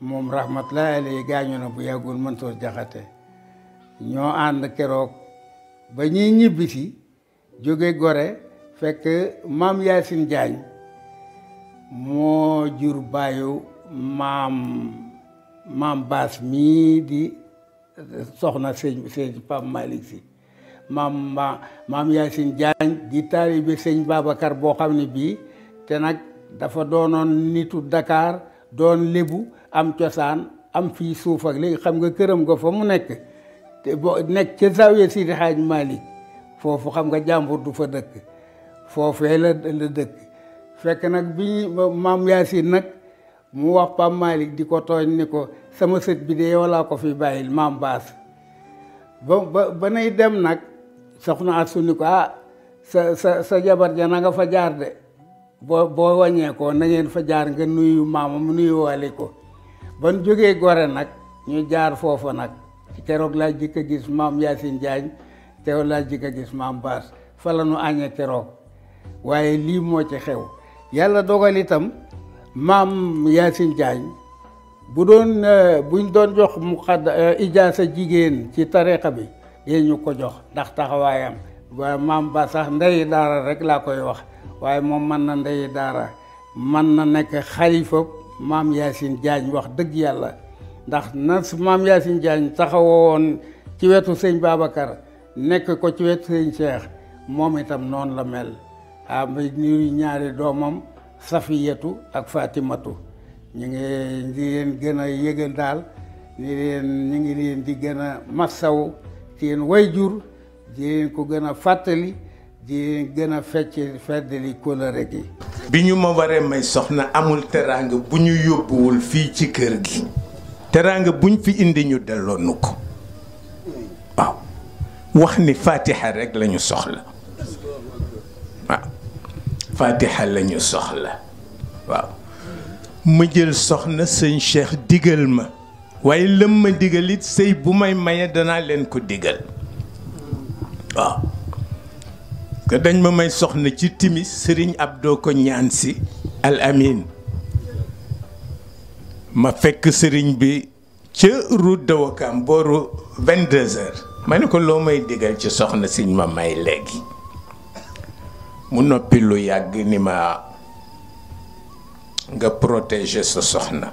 moom rahmatullahi alayhi gaañu na bu yàggul mëntoo Jaxate ñoo ànd keroog ba ñuy ñibbisi jóge Gore fekk maam Yaasin Jaañ moo jur baayu maam maam baas mii di soxna sëñ sëñ Pape Malick si maam ma maam Yaasin Jaañ di taalibe sëñ Babacar boo xam ne bii te nag dafa doonoon nitu dakaar doon lébu am cosaan am fii suuf ak léegi xam nga këram nga fa mu nekk te boo nekk ca zawiya Sidi Hadj Malick foofu xam nga jàmbur du fa dëkk foofee la la dëkk fekk nag bi maam Yaasin nag mu wax Pape Malick di ko tooñ ni ko sama sët bi de yow ko fi bàyyil maam baas ba ba ba nay dem nag soxna Asu ni ko ah sa sa sa jabar ja nanga fa jaar de boo boo wàññeekoo na ngeen fa jaar nga nuyu maamam nuyu waale ko ban jógee gore nag ñu jaar foofa nag teroog laa jikk a gis maam Yacine Diagne te laa jëkk a gis maam Baas fa la nu añee keroog waaye lii moo ci xew yàlla dogal itam maam yaasin jaañ bu doon euh, buñ doon jox mu xadd euh, sa jigéen ci tariqa bi dee ñu ko jox ndax taxawaayam waaye maam ba sax ndeyi daara rek laa koy wax waaye moom mën na ndey daara mën na nekk xalifa maam siin Diagne wax dëgg yàlla ndax na maam Yacine Diagne taxawoon ci wetu sëñ Babacar nekk ko ci wetu sëñ Cheikh moom itam noonu la mel ah ñu ñaari doomam Safiyatu ak Fatimatu ñu ngi di leen gën a yëgal daal ñu ngi leen di gën a massaw ci yéen way jur di ko gën a fàttali di gën a fecc feddali kóllëre gi bi ñu ma waree may soxna amul teraanga bu ñu yóbbuwul fii ci kër gi teraanga buñ fi indi ñu delloo ko waaw wax ni faatiha rek lañu soxla waaw soxla waaw ma jël soxna sëñ Cheikh digal ma waaye lëm ma digal sëy bu may maye danaa leen ko digal waaw dañ ma may soxna ci timis sëriñ Abdou ko ñaan si al ma fekk sëriñ bi ca route de ma ne ko loo may digal ci soxna siñ ma may léegi mu noppi lu yàgg ni ma nga protége sa soxna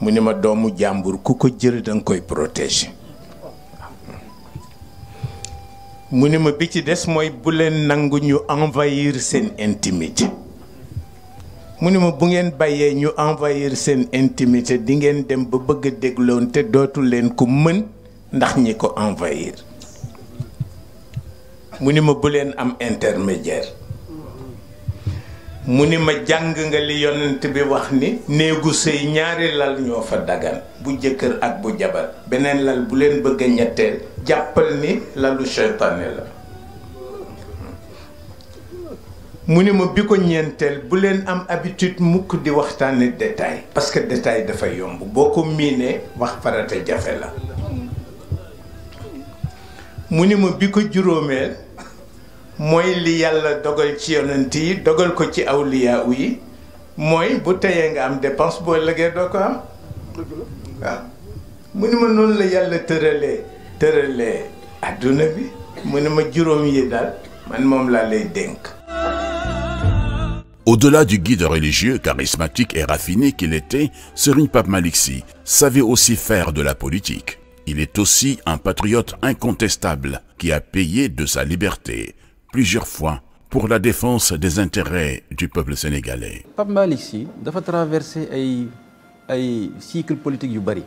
mu ne ma doomu jàmbur ku ko jël danga koy protége mu ne ma bi ci des mooy buleen leen nangu ñu envahir seen intimité mu ma bu ngeen bàyyee ñu envahir seen intimité dingeen dem ba bëgg dégloon te dootu leen ku mën ndax ñi ko envahir mu ne ma bu leen am intermédiaire mu ni ma jàng nga li yonent bi wax ni néegu sëy ñaari lal ñoo fa dagan bu jëkkër ak bu jabar beneen lal bu leen bëgg a ñetteel jàppal ni lalu seytaane la mu ni ma bi ko ñeenteel bu leen am habitude mukk di waxtaane détail parce que détail dafa yomb boo ko miinee wax farata jafe la mu ma bi ko juróomeel moy li yalla dogal ci yonenti dogal ko ci awliya wi moy bu teye nga am dépense boo lëgee doo ko am waaw non la yalla terele terele aduna bi mu ni yi dal man mom la lay denk Au-delà du guide religieux charismatique et raffiné qu'il était, Serigne Pape Malixi savait aussi faire de la politique. Il est aussi un patriote incontestable qui a payé de sa liberté plusieurs fois pour la défense des intérêts du peuple sénégalais. Pape Malick Sy dafa traversé ay ay cycle politique yu Bari.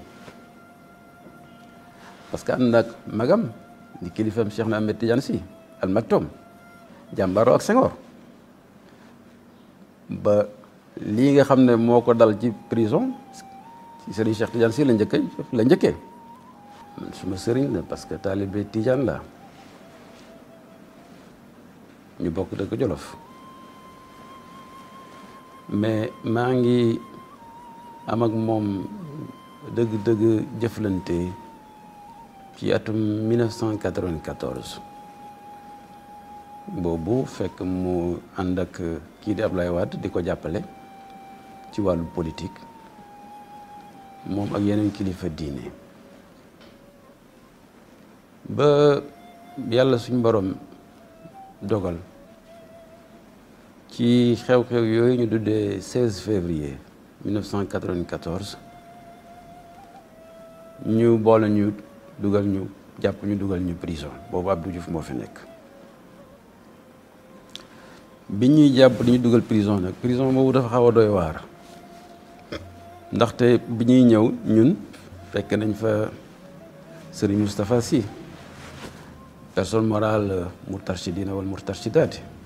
parce que ànd ak magam di kilifaam Cheikh Ahmed Tidiane Sy Al Maktoum Jambaro ak Senghor ba li nga xam moko dal ci prison ci Serigne Cheikh Tidiane si la ñëkke la ñëkke. man suma sëriñ parce que talibé Tidiane la ñu bokk dëkk jolof mais maa ngi am ak moom dëgg-dëgg jëflante ci atum 1994 boobu fekk mu ànd ak kii di Ablaye Wade di ko jàppale ci wàllu politique moom ak yeneen kilifa diine ba yàlla suñ borom dogal Qui xew-xew yoy ñu 16 février 1994 ñu boole ñu dugal ñu japp ñu dugal ñu prison bobu Abdou Diouf moo fi nekk bi ñuy ñu dugal prison nag prison boobu dafa xawa doy war ndax té biñuy ñew ñun fekk nañ fa Serigne Moustapha Sy personne morale Moustarchidina wal Moustarchidaty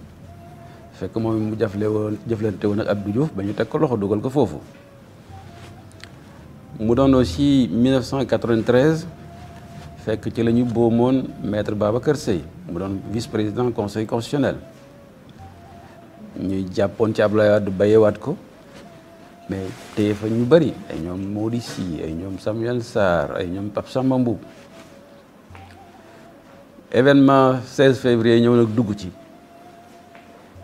fekk moom mu jafle woon woon Abdou Diouf aussi 1993 fekk ci la maître Babacar mu vice président conseil constitutionnel ñuy jàppoon ci Abdoulaye ko mais téye fa ñu bëri ay Samuel Sarr ay ñoom Pape événement 16 février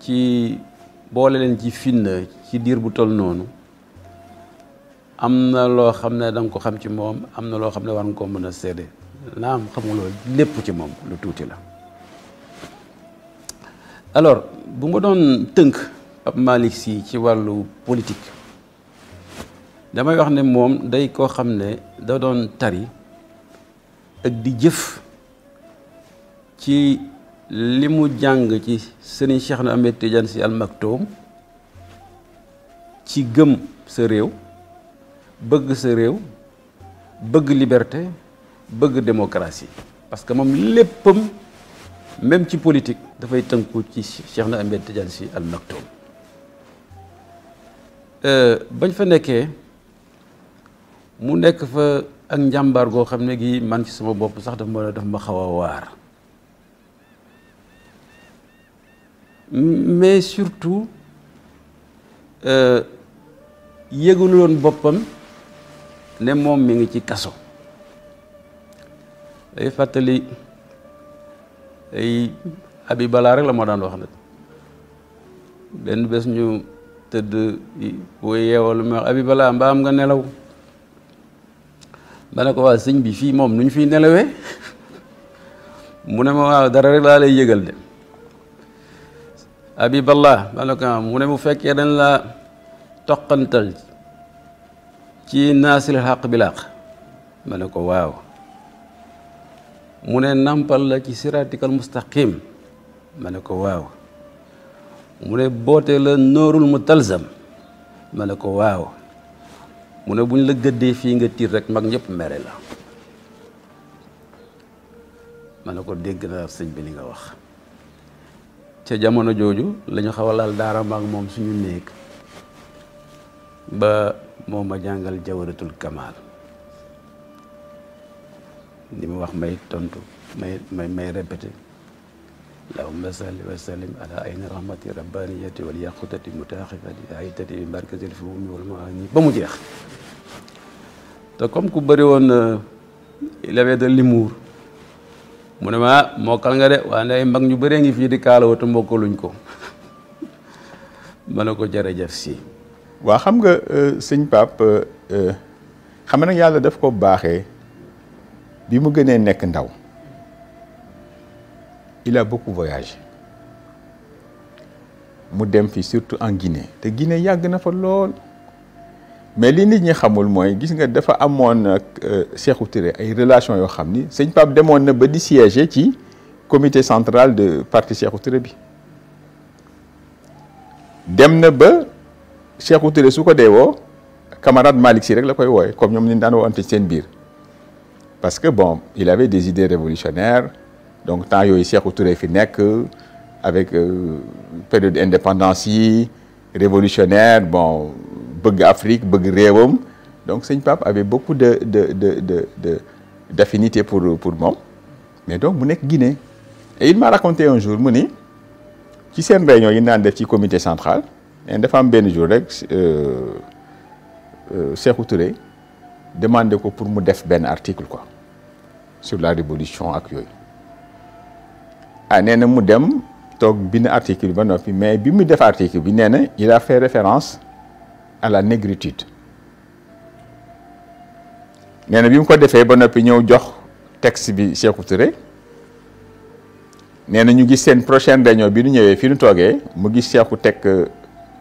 Qui boole len ci fitna ci dir bu tol amna lo dang ne ko xam ci mom amna lo war ci lu la alors bu ma don teunk Malick si ci politique damay wax ne day ko da don tari ak di jëf li mu jàng ci Serigne Cheikh na Ahmed Tidiane Sy Al Maktoum ci gëm sa réew bëgg sa réew bëgg liberté bëgg démocratie parce que moom léppam même ci politique dafay tënku ci Cheikh Ahmed Tidiane Sy Al Maktoum euh, bañ fa nekkee mu nekk fa ak njàmbaar goo xam ne gi man ci sama bopp sax daf ma daf ma xaw a waar mais surtout euh, yegul won bopam ne mom mi ngi ci kasso ay fatali ay abi rek la mo dan wax nag ben bes ñu teud wo yeewalu wax abi am nga nelaw ma ko bi fi mom nuñ fi nelawé mu ne ma dara rek la lay yëgal de Abiballah Balakam mu ne bu fekkee dañ la toqantal ci naasil xaq bilaq ma ne ko waaw mu ne nampal la ci siraatikal mustaqim ma ne ko waaw mu ne boote la noorul mu talzam ma ne ko waaw mu ne buñ la gëddee fii nga tiir rek mag ñëpp mere la ma ne ko dégg naa sëñ bi li nga wax ca jamono jooju lañu xaw a laal daara maag moom suñu néeg ba moo ma jàngal jawaratul kamaal li mu wax may tontu may may may répété allahumma salli wa sallim ala ayni rahmati rabbaniyati wal yaqutati mutaaxifati aytati bi markazil fuhumi wal maani ba mu jeex te comme ku bëri woon euh, il avait de l'humour mu ne ma ah, mokkal nga de waaye ay mbag ñu baree ngi fii di kaalawu te mokkaluñ ko ma ne ko jërëjëf si. waa xam nga euh, sëñ Pape euh, euh, xam nag yàlla def ko baaxee bi mu gënee nekk ndaw il a beaucoup mu dem fi surtout en Guinée te Guinée yàgg na fa lool. mais li nit ñi xamul moy gis nga dafa amone ak Sékou euh, Touré ay relation yo xamni ni Pape demone na ba di siéger ci comité central de parti Sékou Touré bi dem na ba Sékou Touré suko d'ewo camarade malik Sy rek la koy woy comme ñom ni daan wonte ci sen bir parce que bon il avait des idées révolutionnaires donc tant yo Sékou Touré fi nek avec euh, période indépendance révolutionnaire bon Bug Afrique Bug réewam donc Seigne Pape avait beaucoup de de de de de pour pour moom mais donc mu nekk Guinée et il m'a raconté un jour mu ni ci seen réunion yi naan def ci comité central et dafa am benn jour rek Sékou euh, euh, Touré demandé ko pour mu def un article quoi sur la révolution ak yooyu ah nee na dem article ba non mais bi def article bi nee il a fait référence à la négritude nee na ko defee une noppi le texte bi Cheikh Touré nee ñu gis prochaine réunion bi ñu ñëwee fi ñu mu gis euh,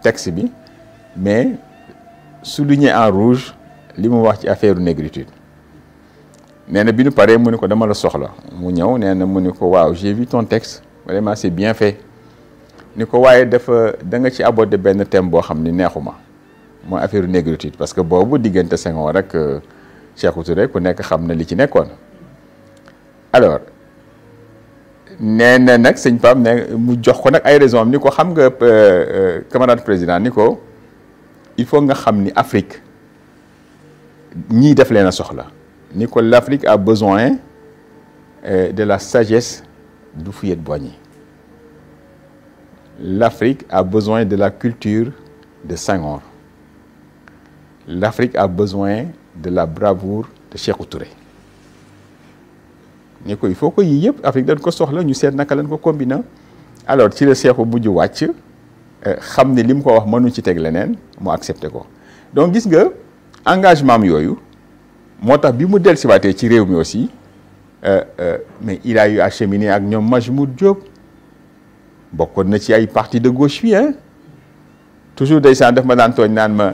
texte mais souligné en rouge li mu wax ci affaire négritude nee na paré, que nous ne dama la soxla mu ñëw nee wow j'ai vu ton texte vraiment c'est bien fait ni ko dafa da nga ci aborder thème ni moy affaire négritude parce que bobu rek cheikh Touré ku ne sais pas li ci alors néna ne, seigne ne mu jox ko ay raison am euh, euh, camarade président il faut nga Afrique l'Afrique a besoin euh, de la sagesse Fuyet boigny l'Afrique a besoin de la culture de Senghor l'Afrique a besoin de la bravoure de Sékou Touré ko il faut que yii Afrique dañ ko soxla ñu seet naka lañ ko alors si le Sékou mujj wàcc eh, xam ne li mu ko wax mënu ci teg mu accepté ko donc gis nga engagement am yooyu moo bi mu dellusiwaatee ci réew mi aussi eh, eh, mais il a eu à cheminer ak ñoom Majmoud Diop bokkoon na ci ay parti de gauche hein? toujours des saan daf ma daan tooñ ma.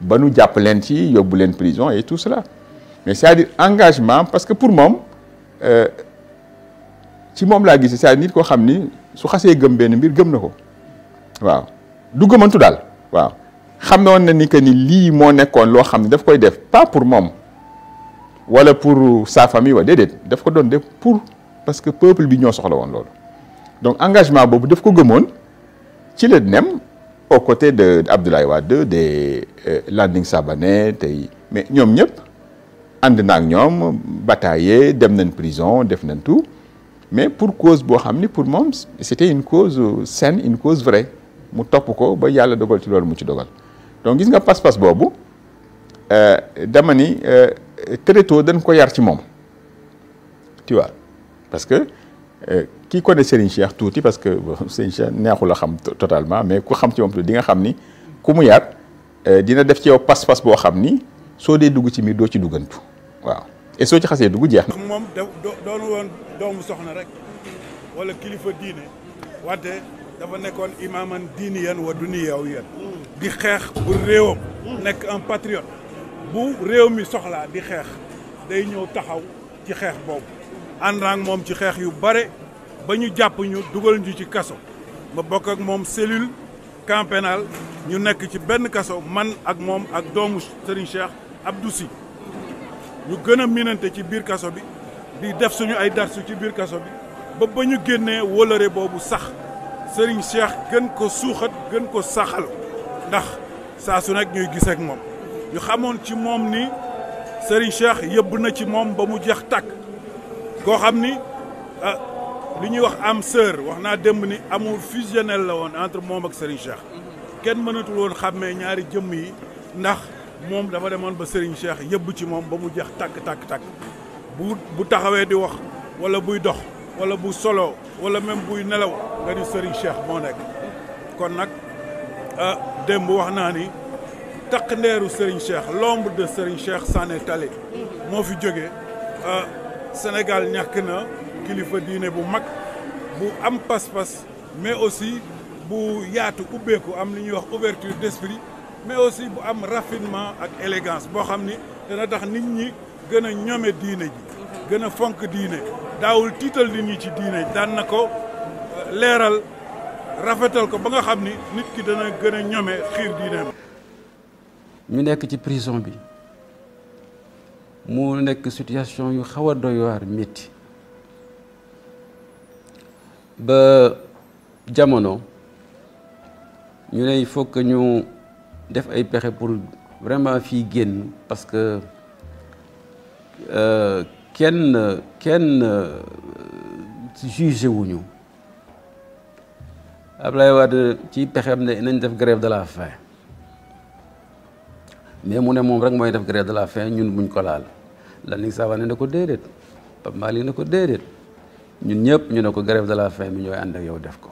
ba nu jàpp leen ci yóbbu leen prison et tout cela mais c'est-à-dire engagement parce que pour moi, euh, ci moi laa gis c'est-à-dire nit koo xam ni su xasee gëm benn mbir gëm na ko waaw dal, gëmantu daal waaw xamoon na ni que ni li, moo nekkoon loo xam ne daf koy def pas pour moom wala pour sa famille wa dédé, Def ko doon def pour parce que peuple bi ñoo soxla woon loolu donc engagement boobu daf ko gëmoon ci le nem aux côtés Abdoulaye Wade des euh, Landing Sabané mais ñoom ñëpp ànd na ak bataillé dem nañ prison def tout mais pour cause bo xamni pour mom c'était une cause saine une cause vraie mu top ko ba yalla dogal ci loolu mu ci dogal donc gis nga pas-pas euh dama ni euh, très tôt dañ ko yar ci mom tu vois parce que qui euh, connaît Serigne Cheikh parce que Serigne Cheikh ne a xam totalement mais ku xam ci di nga xam euh, dina def ci pas-pas xam ni mi ci et so ci xasse dugg jeex mom doon doomu soxna rek wala kilifa diine wante dafa nekkon imaman diini yan wa di bu un patriote bu rew mi soxla di xex day ñew taxaw Andrang ak mom ci xex yu bare bañu ñu ñu duggal ñu ci kaso ma bok ak mom cellule camp pénal ñu nekk ci benn kasso man ak mom ak doomu Serigne Cheikh Abdou ñu gëna ci biir kaso bi di def suñu ay darsu ci biir kaso bi ba bañu ñu génnee bobu sax Serigne Cheikh gën ko suxat gën ko saxal ndax saa su nekk ñuy gis ak mom ñu xamone ci mom ni Serigne Cheikh yëbb ci mom ba mu jeex tak koo xam ni ah li ñuy wax am sœur wax naa démb ni amour fusionnel la woon entre moom ak Serigne Cheikh kenn mënatul woon xàmmee ñaari jëmm yi ndax moom dafa demoon ba Serigne Cheikh yëbb ci moom ba mu jeex tàkk tàkk tàkk bu bu taxawee di wax wala buy dox wala bu solo wala même buy nelaw nga ni Serigne Cheikh moo nekk kon nag ah démb wax ni takk Serigne Cheikh l'ombre de Serigne Cheikh s'en est allé moo fi jógee. Sénégal ñàkk na kilifa diine bu mak, bu am pas-pas mais aussi bu yaatu ubbeeku am li wax ouverture d'esprit mais aussi bu am raffinement ak élégance bo xam ni dana tax nit ñi gën a ñome diine ji gën a fonk diine daawul tiital nit ñi ci diine daan na ko euh, rafetal ko ba nga xamni nit ki dana gën a ñome xiir diineem ñu nekk ci prison bi mu nekk situation yu xaw a doy ba jamono ñu ne il faut que ñu def ay pexe pour vraiment fii parce que euh, kenn kenn euh, jugé wuñu après avoir ci pexeem ne nañ def grève de la faim mais mon ne moom rek mooy def grève de la faim ñun buñ ko laal Landing Savané na ko déedéet Pape Malick na ko déedéet ñun ñëpp ñu ne ko grève de la faim bi ñooy ànd ak yow def ko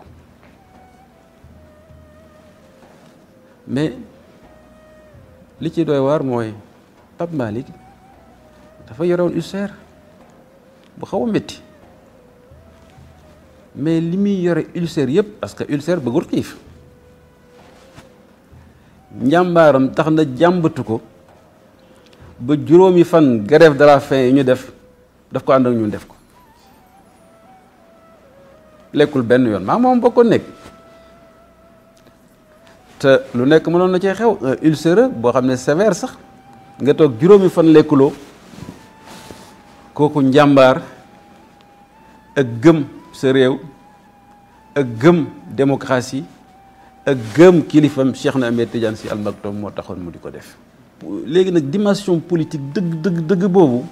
mais li ci doy waar mooy Pape Malick dafa yorewoon ulcère bu xaw a métti mais li muy yore ulcère yëpp parce que ulcère bëggul xiif njàmbaaram tax na jàmbatu ko ba juróomi fan grève de la yi ñu def daf ko ànd ak ñun def ko lekkul benn yoon maa moom bokkoon nekk te lu nekk mënoon na cee xew ulcère boo xam ne sévère sax nga toog juróomi fan lekkuloo kooku njàmbaar ak gëm sa réew ak gëm démocratie ak gëm kilifam Cheikh na Ahmed Tidiane si Al Maktoum moo taxoon mu di ko def léegi nag dimension politique dëgg dëgg dëgg boobu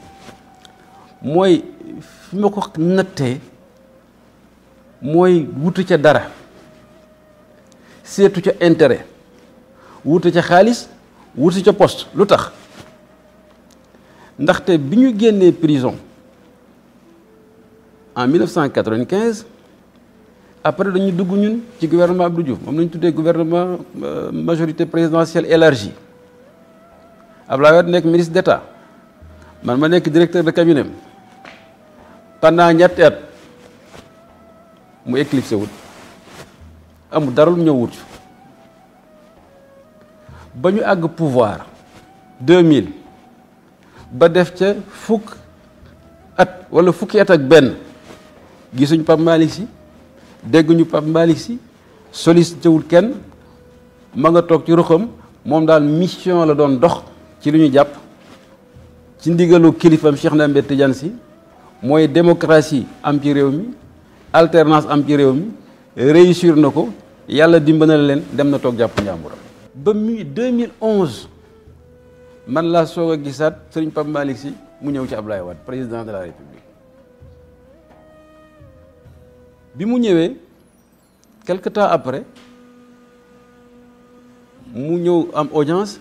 mooy fi ma ko nattee mooy wutu ca dara seetu ca intérêt wutu ca xaalis wutu ca poste lu tax ndaxte bi prison en 1995 après dañu avons ñun ci gouvernement Abdou Diouf nous avons eu le gouvernement euh, majorité présidentielle élargie Abdoulaye Wade nekk ministre d'État man ma directeur de cabinet pendant ñetti at mu éclipsé wut amul dara lu ñëw wut ba ñu pouvoir 2000 ba def ci fuk at wala fukki at ak benn gisuñu pap Malick si dégguñu pap Malick si sollicité wul ken ma nga tok ci ruxam mom dal mission la don dox ci lu ñu jàpp ci ndigalu kilifam Cheikh Ndambe Tidiane si mooy démocratie am ci réew mi alternance am ci réew mi réussir na ko yàlla dimbanal leen dem na toog jàpp njàmburam ba muy 2011 man laa soog a gisaat sëriñ Pape Malick si mu ñëw ci Ablaye Wade président de la république bi mu ñëwee quelque temps après mu ñëw am audience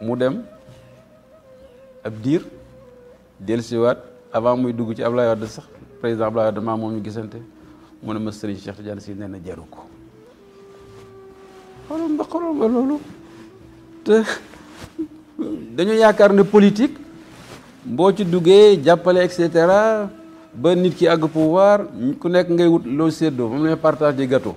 mu dem ab diir avant muy dugg ci Ablaye Wade sax président Ablaye Wade maa moom ñu ma sëriñ Cheikh Tidiane si nee na jaru ko xoolal nga xoolal De, dañu yaakaar ne politique boo ci duggee jàppale et cetera ba nit ki àgg pouvoir ku nekk ngay wut loo séddoo moom la des gâteaux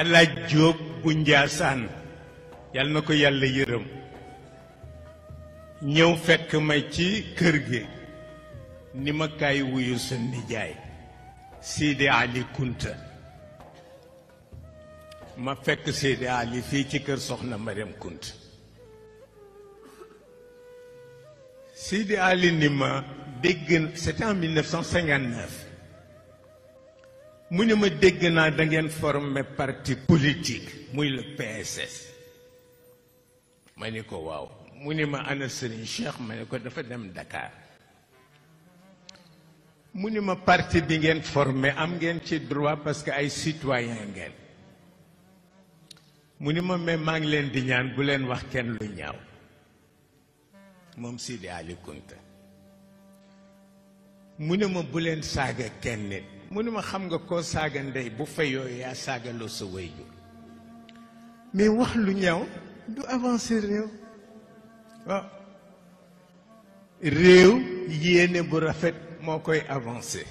alaaj jóob bu njaasaan yal na ko yàlla yërëm ñëw fekk ma ci kër gi ni ma kaay wuyu sa nijaay Sidi Ali Kunta ma fekk Sidi Ali fii ci kër soxna Mariam Kunta Sidi Ali ni ma dégg c'était mu ne ma dégg naa dangeen ngeen former parti politique muy le PSS ma ni ko waaw mu ni ma ana Serigne Cheikh ma ne ko dafa dem Dakar mu ne ma parti bi ngeen forme am ngeen ci droit parce que ay citoyen ngeen mu ne ma mais maa ngi leen di ñaan bu leen wax kenn lu ñaaw moom Sidi Ali Kunta mu ne ma bu leen saaga kenn nit munuma xam nga ko saaga ndey bu feyoo yaa saagaloo so wayju mais wax lu ñew du avancer rew wa rew yéene bu rafet mo koy avancer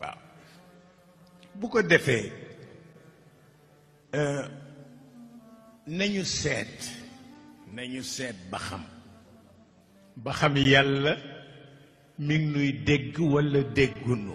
wa bu ko euh nañu seet nañu seet ba xam ba xam yalla mi ngi nuy dégg walla déggunu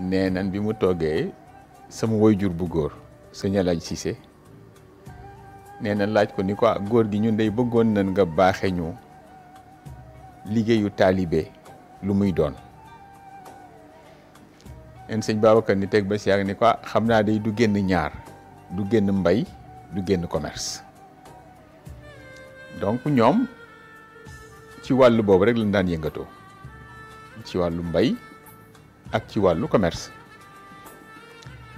nee nan bi mu toogee sama woy jur bu góor sëñ Alaaji Cissé nee na laaj ko ni ko ah, góor gi ñun day bëggoon nan nga baaxe ñu liggéeyu taalibe lu muy doon en sëñ Babacar ni teg ba si ak ni ko ah, xam naa day du génn ñaar du génn mbay du génn commerce donc ñoom ci wàllu boobu rek lañ daan yëngatoo ci wàllu mbay ak ci walu commerce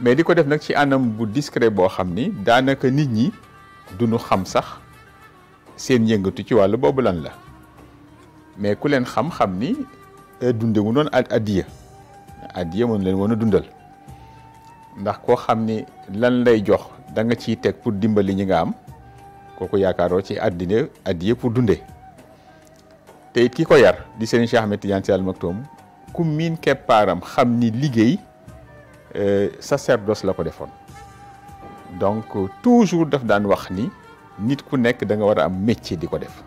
mais diko def nak ci anam bu discret boo xamni danaka nit ñi duñu xam sax seen yëngatu ci walu bobu lan la mais ku leen xam xamni e euh, dundé wu non adiya adiya mo leen wona dundal ndax ko xamni lan lay jox da nga ci tek pour dimbali ñi nga am koku yaakaaro ci adiya pour dunde tay kiko yar di seigne Cheikh Ahmed Tidiane Maktoum ku miin param, xam ni liggéey euh, sacerdoce la ko defoon donc toujours daf daan wax ni nit ku nek da nga wara am métier diko ko def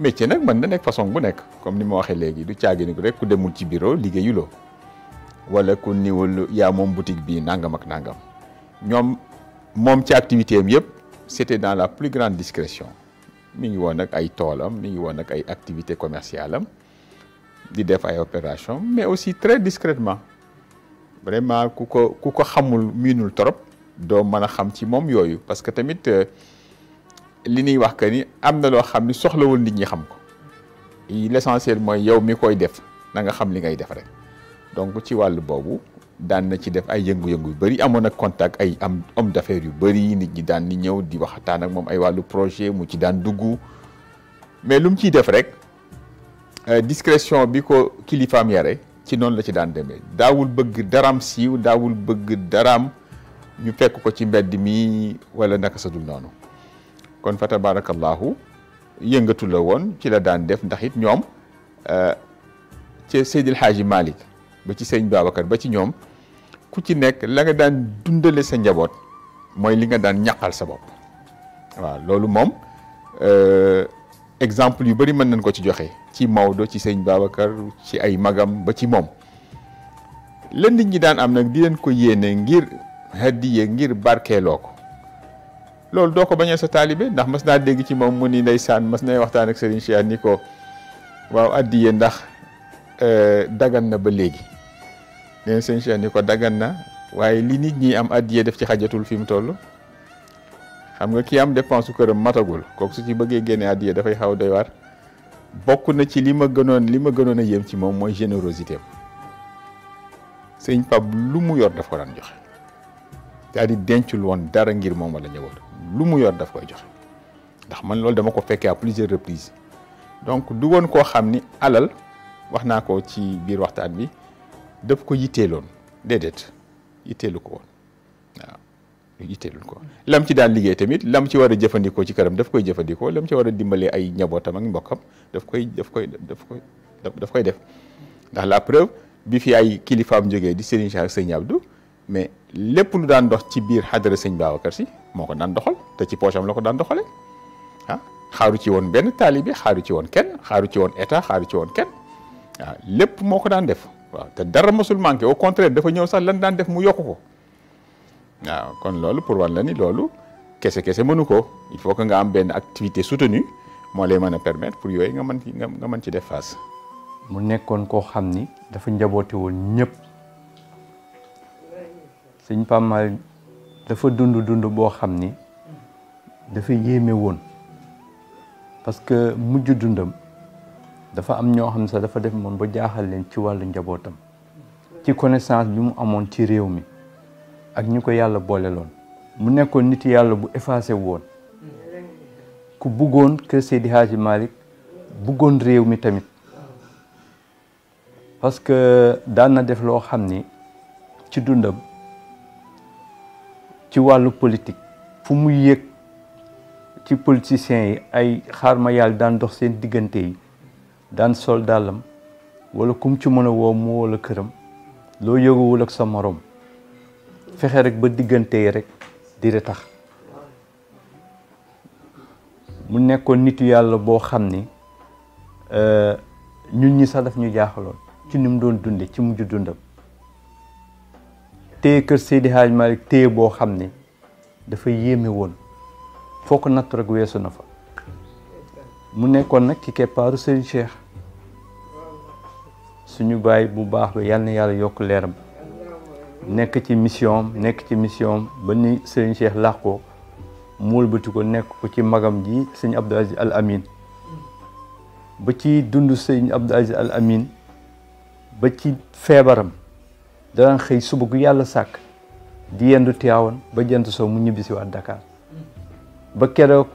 métier nak man na nek façon bu nek comme ni mo waxee léegi du caagi ko rek ku demul ci bureau liggéeyuloo wala ku niwul ya mom boutique bi nangam ak nangam ñom mom ci activité am yëpp c'était dans la plus grande discrétion mi ngi won nak ay tolam mi ngi won nak ay activité commerciale am di def ay opération mais aussi très discrètement vraiment kuko kuko xamul minul trop do meuna a xam ci mom yoyu parce que tamit euh, li ni wax kani amna lo na loo xam ni soxlawul nit ñi xam ko l'essentiel moy yow mi koy def na nga xam li ngay def rek donc ci walu bobu daan na ci def ay yëngu-yëngu bari bëri contact ay am homme d'affaires yu bari nit ñi daan ni ñew di waxtaan ak mom ay walu projet mu ci daan duggu mais lu ci def rek. Euh, discrétion bi ko kilifaam yare ci noonu la ci daan demee daawul bëgg daraam siiw daawul bëgg daraam ñu fekk ko ci mbedd mi wala naka sa dul noonu kon fa tabaarakallaahu yëngatu la woon ci la daan def ndax it ñoom euh, ci Seydil Hadji Malick ba ci sëñ Babacar ba ci ñoom ku ci nekk la nga daan dundale sa njaboot mooy li nga daan ñaqal sa bopp waaw loolu moom euh, exemple yu bari mën nañ ko ci joxe ci Maodo ci sëñ Babacar ci ay magam ba ci moom la nit ñi daan am nag di leen ko yéene ngir hadiye ngir barkeeloo ko loolu doo ko bañee sa taalibe ndax mas naa dégg ci moom mu ni saan mas nay waxtaan ak Serigne Cheikh ni ko waaw addiye ndax euh, dagan na ba léegi nee na Serigne ko dagan na waaye li nit ñi am addiye def ci xajatul fi mu toll xam nga kii am dépense su këram matagul kook su ci bëggee génne addiye dafay xaw day war bokk na ci li ma gënoon li ma gënoon a yéem ci moom mooy générosité am sëñ lu mu yor daf ko daan joxe daal dencul woon dara ngir moom wala ñëwoon lu mu yor daf koy joxe ndax man loolu dama ko fekkee à plusieurs reprises donc du woon koo xam ni alal wax naa ko ci biir waxtaan bi daf ko yitteeloon déedéet yitteelu ko woon. itteelul ko lam ci daan liggéey tamit lam ci war a jëfandikoo ci këram daf koy jëfandikoo lam ci war a dimbalee ay njabootam ak mbokkam daf koy def koy daf koy daf koy def ndax la preuve bi fi ay kilifaam jegee di Serigne Cheikh ak Serigne Abdou mais lépp lu daan dox ci biir xadara Serigne Babacar Sy moo ko daan doxal te ci poosam la ko daan doxalee ah xaaru ci woon benn taalibe xaaru ci woon kenn xaaru ci woon état xaaru ci woon kenn waaw ah, lépp moo ko daan def waaw te dara mosul manqué au contraire dafa ñëw sax lan daan def mu yokk ko waaw kon loolu pour wan la ni loolu kese kese mënu ko il faut que nga am benn activité soutenue moo lay mën permettre pour yooyu nga mën ci nga mën ci def face. mu nekkoon koo xam ni dafa njaboote woon ñëpp sëñ Pape Malick dafa dund dund boo xam ni dafa yéeme woon parce que mujj dundam dafa am ñoo xam ne sax dafa def moom ba jaaxal leen ci wàllu njabootam ci connaissance bi mu ci réew ak ñu ko yàlla boole loon mu nekkoon nit yàlla bu effacé woon ku buggoon kër Seydi Hadji Malick buggoon réew mi tamit parce que daan na def loo xam ni ci dundam ci wàllu politik fu mu yëg ci politiciens yi ay xaar ma yàlla daan dox seen diggante yi daan sol dàllam wala kum ci mën a woo mu wala këram loo yëguwul ak sa moroom fexe rek ba diggante yi rek di tax mu nekkoon nitu yàlla boo xam ni euh, ñun ñi sax daf ñu jaaxaloon ci ni mu doon dunde ci mujj dundam téye kër Seydi Hadj Malick téye boo xam ni dafa yéeme woon foo ko natt rek weesu na fa mu nekkoon nag ci keppaaru seen Cheikh suñu baay bu baax ba yal na yàlla yokk leeram nekk ci mission nekk ci mission ba ni sëriñ Cheikh laax ko mu wëlbati ko nekk ko ci magam ji sëñ Abdou Aziz Al Amin ba ci dund sëñ Abdou Aziz Al Amin ba ci feebaram daan xëy suba gu yàlla sàkk di yendu Tiwaawan ba jant soo mu ñibbisi waa Dakar ba keroog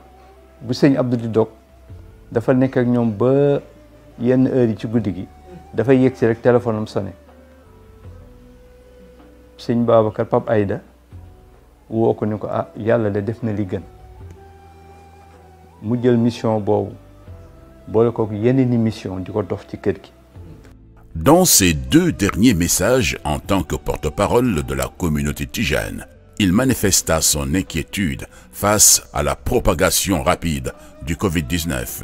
bu sëñ Abdou di dog dafa nekk ak ñoom ba yenn heure yi ci guddi gi dafay yegg si rek téléphone am sonné Dans ces deux derniers messages en tant que porte-parole de la communauté tijane, il manifesta son inquiétude face à la propagation rapide du Covid-19.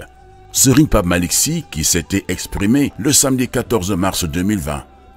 Serigne Pape pas qui s'était exprimé le samedi 14 mars 2020,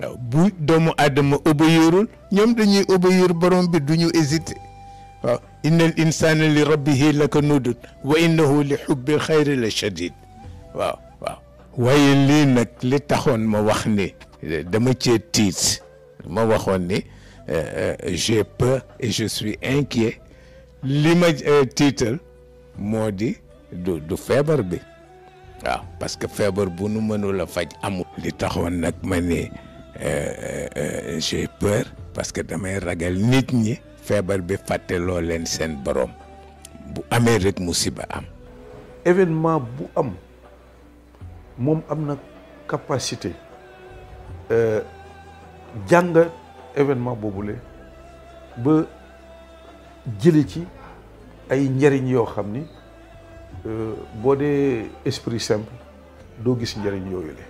waaw bu doomu aadama obéirul ñoom dañuy obéir borom bi du ñu hésité waaw inna al insana li rabbihi lakanudun wa innahu li xubbi xayri la shadid waaw waaw waaye lii nag li taxoon ma wax ni dama cee tiit ma waxoon ni j'ai peur et je suis inquiet li ma tiital moo di du du feebar bi waaw parce que feebar bu nu mënul a faj amul li taxoon nag ma ne Euh, euh, euh, j'ai peur parce que damay ragal nit ñi feebar bi faté lo leen sen borom bu amé rek musiba am événement bu am mom am na capacité jang événement bobulé ba jëli ci ay njëriñ yo xamni euh bo dé esprit simple do gis njëriñ yooyu le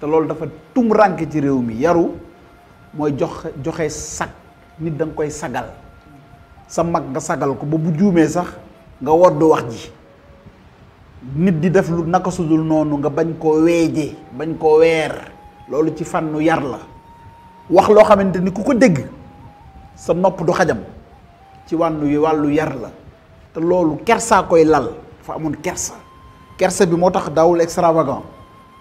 te lol dafa tum rank ci rew mi yaru moy jox joxe sak nit dang koy sagal sa mag nga sagal ko bo bu jume sax nga wodd wax ji nit di def lu naka sudul nonu nga bagn ko weeje bagn ko wér lolou ci fannu yar la wax lo xamanteni kuko deg sa nopp du xajam ci walu yar la te lolou kersa koy lal fa amoon kersa kersa bi motax dawul extravagant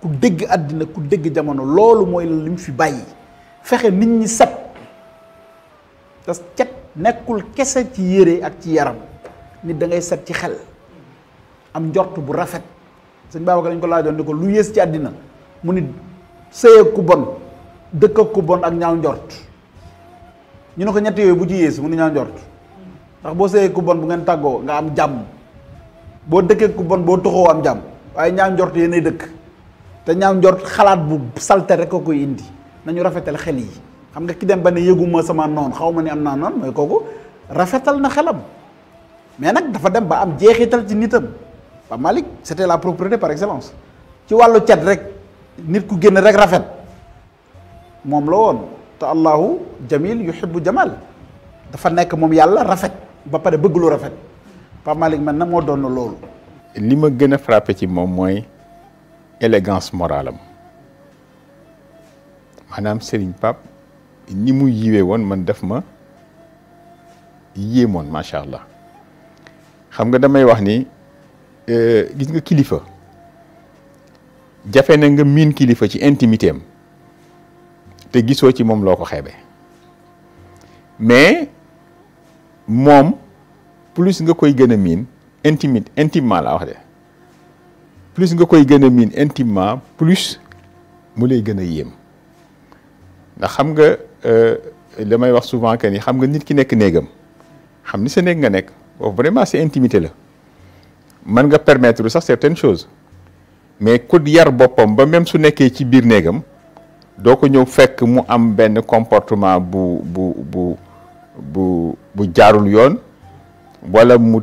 ku dégg adina ku dégg jamono lolou moy lim fi bayyi fexé nit ñi sap tas ciat nekul kessa ci yéré ak ci yaram nit da ngay set ci xel am njort bu rafet sëñ Babacar lañ ko la doon ko lu yées ci adina mu nit sëy ak ku bon dekk ak ku bon ak ñaaw njort ñu ne ko ñett yoy bu ci mu ni ñaaw njort ndax bo ku bon bu ngeen taggo nga am jam, boo dëkkee ku bon bo taxo am jam waye ñaaw njort dekk te ñaaw njort xalaat bu salte rek ko koy indi nañu rafetal xel yi xam nga ki dem ba ne yëguma sama noon xaw ma ne am naa noon mooy kooku rafetal na xelam mais nag dafa dem ba am jeexital ci nitam ba Malick c'était la propriété par excellence ci wàllu cet rek nit ku génn rek rafet moom la woon te allahu jamil yuhibbu jamal dafa nekk moom yàlla rafet ba pare bëgg lu rafet Pape Malick man na moo doon loolu. li ma gën a frappé ci moom mooy. élégance morale am maanaam Serigne Pape ni mou yiwee won, man def ma yéemoon macha allah xam nga damay wax ni euh, gis nga kilifa jafe na nga miin kilifa ci intimité am te gisoo ci mom loko ko mais mom, plus nga koy gën a miin intimement la wax de plus nga koy gën a miin intimement plus mu lay gën a yéem ndax xam nga euh, li may wax souvent que ni xam nga nit ki nekk néegam xam ni sa néeg nga nekk boobu oh, vraiment c'est intimité la mën nga permettre sax certaines choses mais ku yar boppam ba même su nekkee ci biir néegam doo ko ñëw fekk mu am benn comportement bu bu bu bu bu jaarul yoon wala mu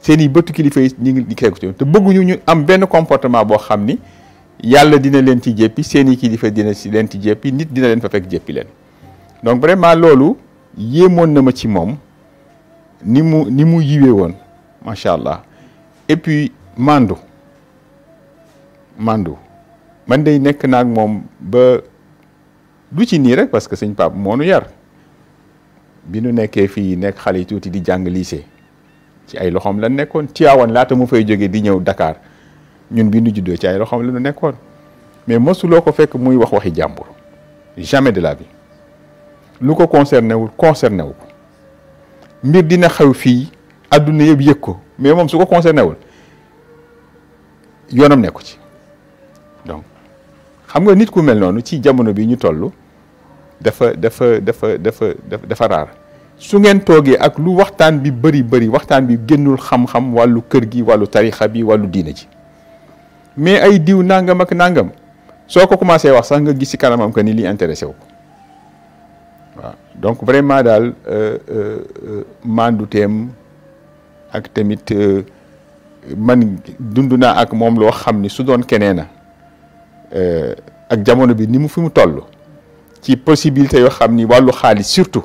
seen i bëtt kilifa yi ñu ngi di tegu ci te bëggu ñu am benn comportement boo xam ni yàlla dina leen ci jéppi seen i kilifa dina ci leen ci jéppi nit dina leen fa fekk jéppi leen donc vraiment loolu yéemoon na ma ci moom ni mu ni mu yiwee woon macha allah et puis mandu mandu man day nekk naag moom ba du ci nii rek parce que sëñ pap moo nu yar bi nu nekkee fii nekk xale yi tuuti di jàng lycée ay loxom la nekkoon laata fay jógee di ñëw Dakar ñun bi ñu juddoo ci ay loxom la nekkoon mais mosuloo fekk muy wax waxi jàmbur jamais de la vie lu ko concerné wul concerné wu mbir dina xew fii àdduna yëpp yëg mais moom su ko concerné wul yoonam nekku ci donc xam nga nit ku mel noonu ci jamono bi ñu dafa su ngeen toogee ak lu waxtaan bi bëri bëri waxtaan bi génnul xam-xam wàllu kër gi wàllu tarixa bi wàllu diina ci mais ay diw nangam ak nangam soo ko commencé wax sax nga gis ci kanamam que ni li intéressé wu ko waaw donc vraiment daal euh, euh, euh, mandu teem ak tamit man dund naa ak moom loo xam ni su doon keneen ak jamono bi ni mu fi mu toll ci possibilité yoo xam ni wàllu xaalis surtout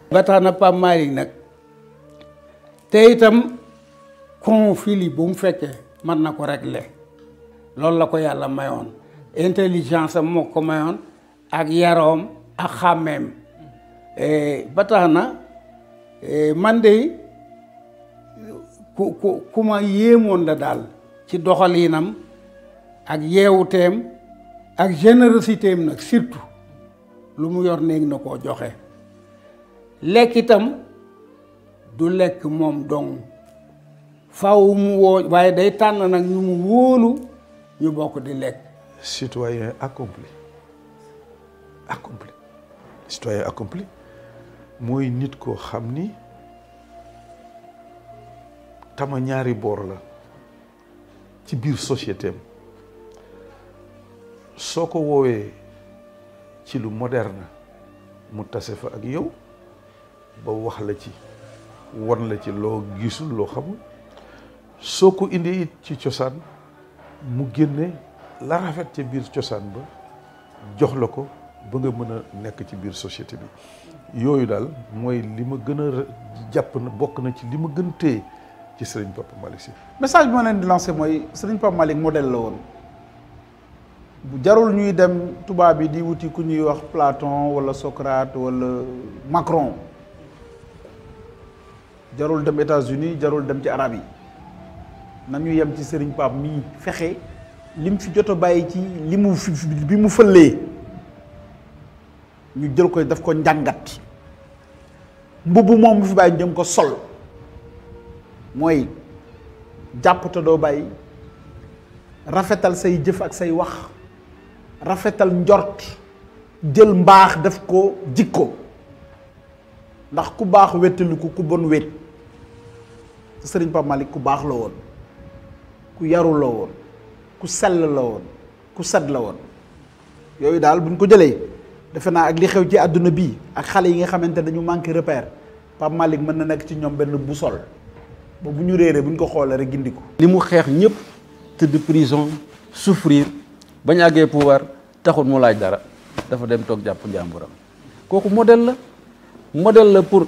ba tax na Pape Malick nag te itam conflit bu mu fekkee mën na ko régler loolu la ko yàlla mayoon intelligence am moo ko mayoon ak yaroom ak xàmmeem eh, ba tax na eh, man de ku ku ku ma yéemoon la daal ci doxalinam ak yeewuteem ak générosité nag surtout lu mu yor néeg na koo joxe lekk itam du lekk moom dong faw mu woo waaye day tànn nag ñu mu wóolu ñu bokk di lekk citoyen accompli accompli citoyen accompli mooy nit koo xam ni tama ñaari boor la ci biir société soo ko woowee ci lu moderne mu tase fa ak yow ba wax la ci wan la ci loo gisul loo xamul soo ko indi it ci cosaan mu génne la rafet ca biir cosaan ba jox la ko ba nga mën a nekk ci biir société bi yooyu daal mooy li ma gën a jàpp na bokk na ci li ma gën téye ci Serigne Papa Malick Sy message bi ma leen di lancé mooy Serigne Papa Malick modèle la woon bu jarul ñuy dem tubaab yi di wuti ku ñuy wax Platon wala Socrate wala Macron jarul dem États-Unis jarul dem ci arab yi na ñu yem ci sëriñ Pape mii fexe lim fi joto bàyyi ci li mu fi bi mu fëllee ñu jël koy daf ko njàngat mbubb moom mu fi bàyyi jëm ko sol mooy jàpp doo bàyyi rafetal say jëf ak say wax rafetal njort jël mbaax def ko jikko ndax ku baax wettaliku ku bon wet te sëriñ Pape Malick ku baax la woon ku yaru la woon ku sell la woon ku set la woon yooyu daal buñ ko jëlee defe naa ak li xew ci àdduna bi ak xale yi nga xamante ne dañu manqué repère Pape Malick mën na nekk ci ñoom benn bu sol ba bu ñu réeree bu ñu ko xoolee rek gindi ko. li mu xeex ñëpp tëdd prison ba bañ àggee pouvoir taxul mu laaj dara dafa dem toog jàpp njàmburam kooku modèle la modèle la pour.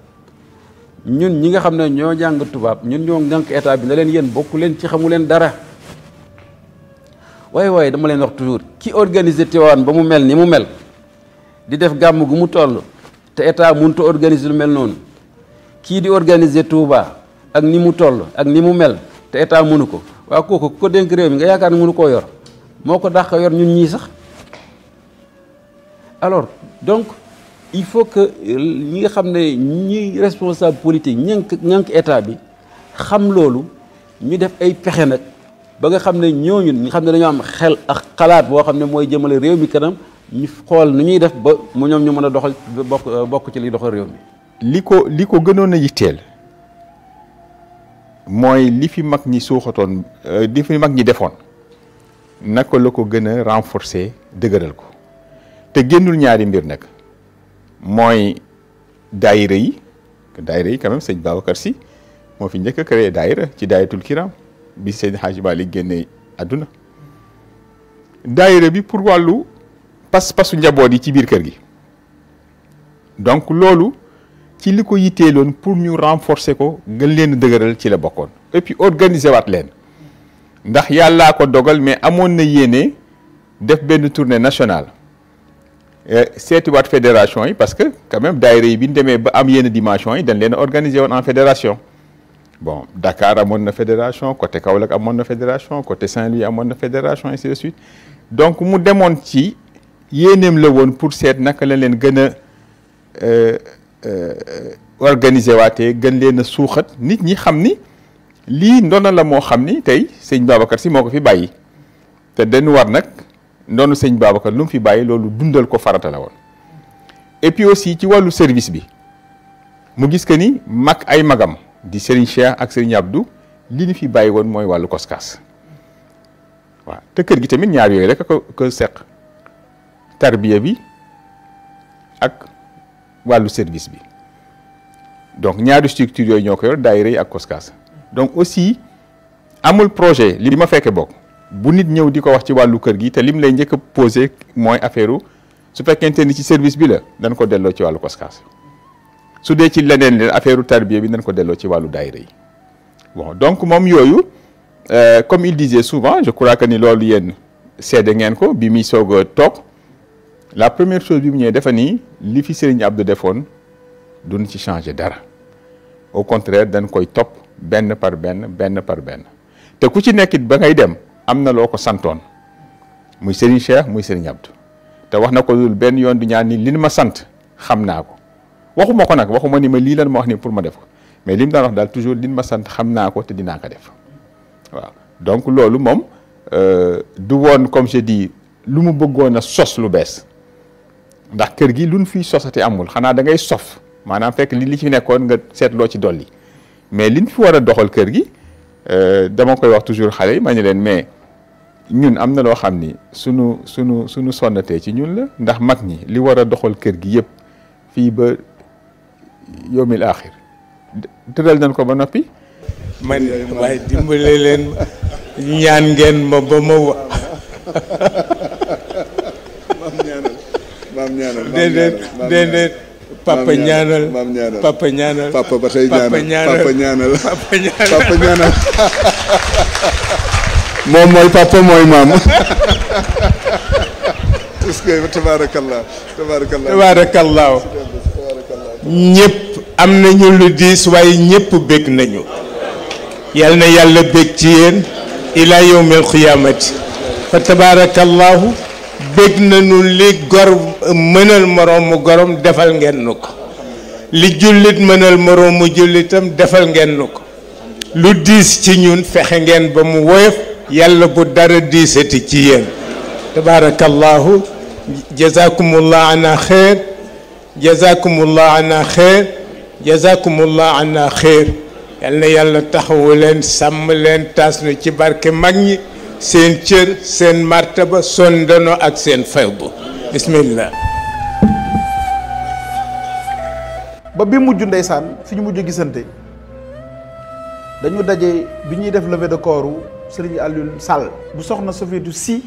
ñun ñi nga xam ne ñoo jàng tubaab ñun ñoo ngànk état bi ne leen yéen bokk leen ci xamu leen dara waaye waaye dama leen wax toujours kii organiser Tiwaawan ba mu mel ni mu mel di def gàmm gu mu toll te état mënuta organiser lu mel noonu kii di organiser Touba ak ni mu toll ak ni mu mel te état mënu ko waaw kooku ko dénk réew mi nga yaakaar ne mënu koo yor moo ko dàq yor ñun ñii sax alors donc il faut que ñi euh, xamné ñi responsable politique ñank ñank état bi xam lolu ñu def ay pexé nak ba nga xamné ne ñooñu ñi xam ne am xel ak xalaat bo xamné moy mooy réew mi kanam ñi xol nu ñuy def ba mu ñom ñu mëna doxal bokk euh, ci li doxal réew mi. li ko li ko gënoon a yitteel mooy li fi mag ñi soxaton euh, li fi mag ñi defoon naka ko gën renforcer degeural ko te génnul ñaari mbir nak mooy daayira yi daayira yi quand même sëñ Babacar si moo fi njëkk a créé daayira ci daayatul kiram bi sëñ Hadji li génne àdduna daayira bi pour wàllu pas-pasu njaboot yi ci biir kër gi donc loolu ci li ko yitteeloon pour ñu renforcer ko gën leen dëgëral ci la bokkoon et puis organiser waat leen ndax yàllaa ko dogal mais amoon na yéene def benn tournée nationale Eh, seetiwaat fédération parce que quand même daayira yi bi ñu ba am yenn dimension yi dañ leen organiser en fédération bon Dakar amone na fédération côté Kaolack amone na fédération côté Saint-Louis amone na fédération ainsi de suite donc mu demoon ci yéeneem le woon pour cette nak la leen gën euh, euh organiser waatee gën leen a nit ñi xamni li lii la mo xamni tay tey Babacar si moko fi bayyi te den war nak noonu sëñ Babacar lu mu fi bàyyi loolu dundal ko farata la woon et puis aussi ci wàllu service bi mu gis que ni ay magam di Serigne Cheikh ak Serigne Abdou li ni fi baye won moy walu koskas wa te keur gi tamit ñaar yoy rek ko ko seq tarbiya bi ak walu service bi donc ñaari structure yoy ñoko yor daire yi ak koskaas donc aussi amul projet li ma fekke bok bu nit ñëw di ko wax ci wàllu kër gi te lim lay njëkk a posé mooy affaire su fekkente ni ci service bi la dañ ko delloo ci wàllu koskaas su dee ci leneen leen affaire tarbiya bi dañ ko delloo ci wàllu daayira yi bon donc moom yooyu euh, comme il disait souvent je crois que ni loolu yéen seede ngeen ko bi muy soog toog la première chose bi mu ñëwee dafa ni li fi Serigne Abdou defoon duñ ci changer dara au contraire dañ koy topp benn par benn benn par benn te ku ci nekkit ba ngay dem. am na loo ko santoon muy Serigne Cheikh muy Serigne Abdou te wax na ko dul benn yoon du ñaan nii li ma sant xam naa ko waxuma ko nag waxuma ni ma lii lan ma wax nii pour ma def ko mais li mu daan wax daal ma sant xam naa ko te dinaa ko def donc loolu moom euh, du woon comme je lu mu bëggoon a sos lu bees ndax kër gi luñ fiy sosati amul xanaa da ngay sof maanaam fekk lii li ci nekkoon nga seetloo ci dolli mais liñ fi war a doxal kër gi. dama koy wax toujours xale yi ma ne leen mais ñun am na loo xam ni sunu sunu sunu sonnatee ci ñun la ndax mag ñi li war a doxal kër gi yëpp fii ba yomil aaxir tëral nañ ko ba noppi. man waaye dimbale leen ñaan ngeen ma ba ma wa. maam ñaanal maam ñaanal déedéet déedéet. papa ñaanal papa ñaanal papa ba tey ñaanal papa ñaanal papa ñaanal moom mooy papa mooy maam est-ce que tabaarakallah tabaarakallah tabaarakallah ñëpp am nañu lu diis waaye ñëpp bég nañu yal na yàlla bég ci yéen ila yawmil qiyaamati fa tabaarakallahu بيج نانو لي غور منال مروم غوروم ديفال نين نوكو لي جوليت منال مروم جوليتام ديفال نين نوكو لو ديس سي نيون فخه تبارك الله جزاكم الله عنا خير جزاكم الله عنا خير جزاكم الله عنا خير يالنا يالا تخو لين سام لين تاس seen sen seen martaba son dono ak seen faybu bismillah ba bi mujj ndaysan fiñu ñu gisante dañu dajé bi def levé de corps Serigne Alioune sal bu soxna Sofietu Si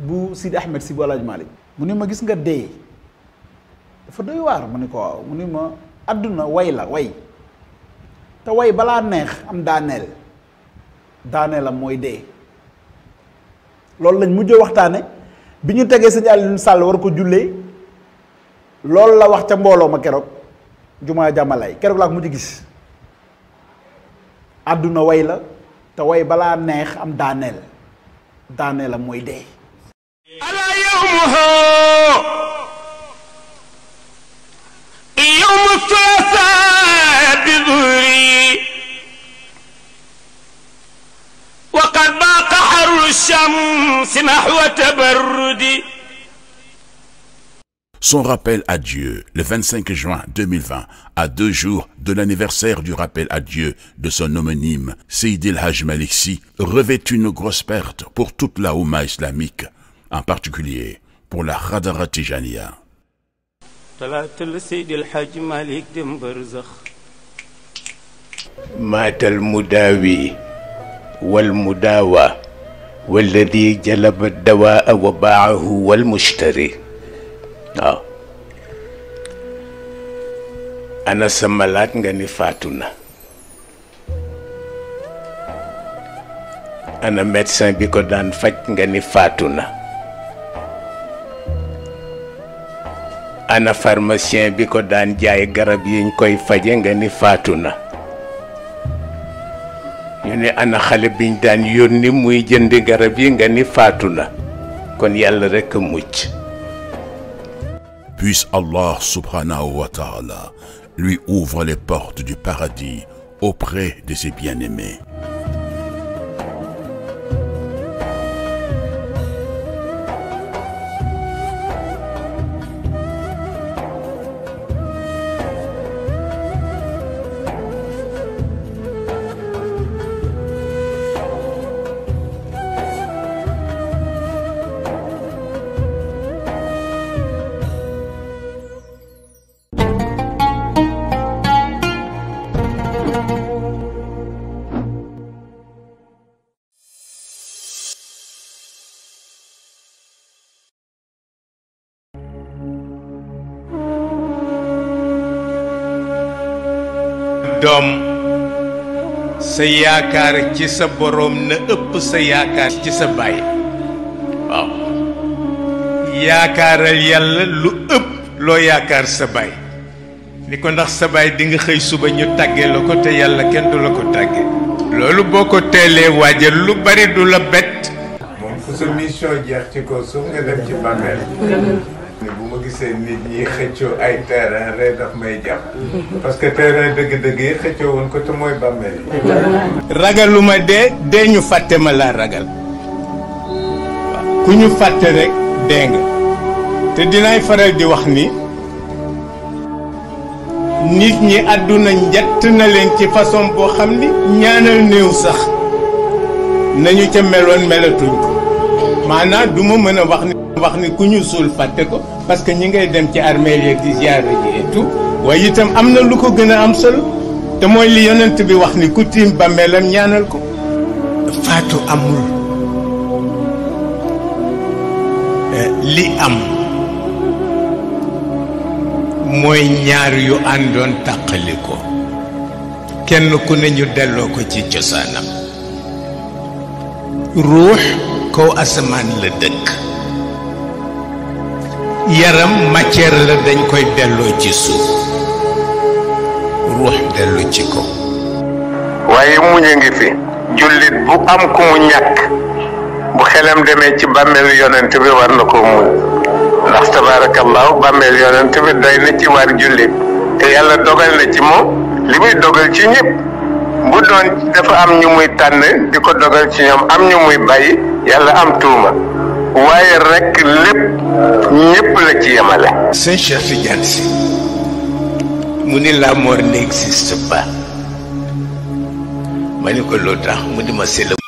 bu sid Ahmed Si bu Malik mu ma gis nga dé dafa doy war mu ko waaw ma aduna way la way ta way bala neex am nel daaneelam mooy dee loolu lañ mujj waxtaane bi ñu tegee sëñ Alioune Sall war ko jullee loolu la wax ca mbooloo ma keroog jumaa jàmmalay keroog laa ko mujj gis àdduna way la te way balaa neex am daaneel daaneelam mooy dee alaa yawmuhu yawmu Son rappel à Dieu, le 25 juin 2020, à deux jours de l'anniversaire du rappel à Dieu de son homonyme, Seyd El Hajj Maliksi, revêt une grosse perte pour toute la Houma islamique, en particulier pour la Khadara Tijaniya. والمداوى والذي جلب الدواء وباعه والمشتري waaw ana samalaat malaat nga ni faatu na ana médecin bi ko daan faj nga ni faatu na ana pharmacien bi ko daan jaay garab yiñ koy faje nga ni faatu na ñu ne ana xale biñ daan yónni muy jënd garab yi nga ni faatu na kon yàlla rek a mucc Puisse Allah subhanahu wa ta'ala lui ouvre les portes du paradis auprès de ses bien-aimés. doom sa yaakaar ci sa boroom na ëpp sa yaakaar ci sa baay waaw yaakaaral yàlla lu ëpp loo yaakaar sa baay ni ko ndax sa baay di nga xëy suba ñu tàggee la ko te yàlla kenn du la ko tàggee loolu boo ko teelee waajal lu bari du la bett moom fu sa mission jeex ci ko suuf nga dem ci bàmmeel gisee nit ñi xëccoo ay terrain rek daf may jàpp parce que terrain dëgg-dëgg yi xëccoo woon ko te mooy bàmmeel ragaluma dee dee ñu fàtte ma laa ragal ku ñu fàtte rek dee nga te dinaay faral di wax ni nit ñi àdduna njett na leen ci façon boo xam ni ñaanal néew sax nañu ca meloon melatuñ ko maanaam du mën a wax wax ni ku ñu suul fàtte ko parce que ñi ngay dem ci armeel yi di ziyaare ji et tout waaye itam am na lu ko gën a am solo te mooy li yonent bi wax ni ku tiim bàmmeelam ñaanal ko faatu amul eh, li am mooy ñaar yu àndoon tàqali ko kenn ku ne ñu delloo ko ci cosaanam ruux kaw asamaan la dëkk yaram matière la dañ koy delloo ci suuf ruux dellu ci ko waaye muñ a ngi fi jullit bu am ku mu ñàkk bu xelam demee ci bàmmeelu yonent bi war na ko muñ ndax tabaarakallaahu bàmmeelu yonent bi doy na ci war jullit te yàlla dogal na ci moom li muy dogal ci ñëpp bu doon dafa am ñu muy tànn di ko dogal ci ñoom am ñu muy bàyyi yàlla am tuuma waaye rek lépp ñépp la ci yemale. sëñ Cheikh Tidiane Sy mu ni la mort n'existe pas ma ni ko lool tax mu di ma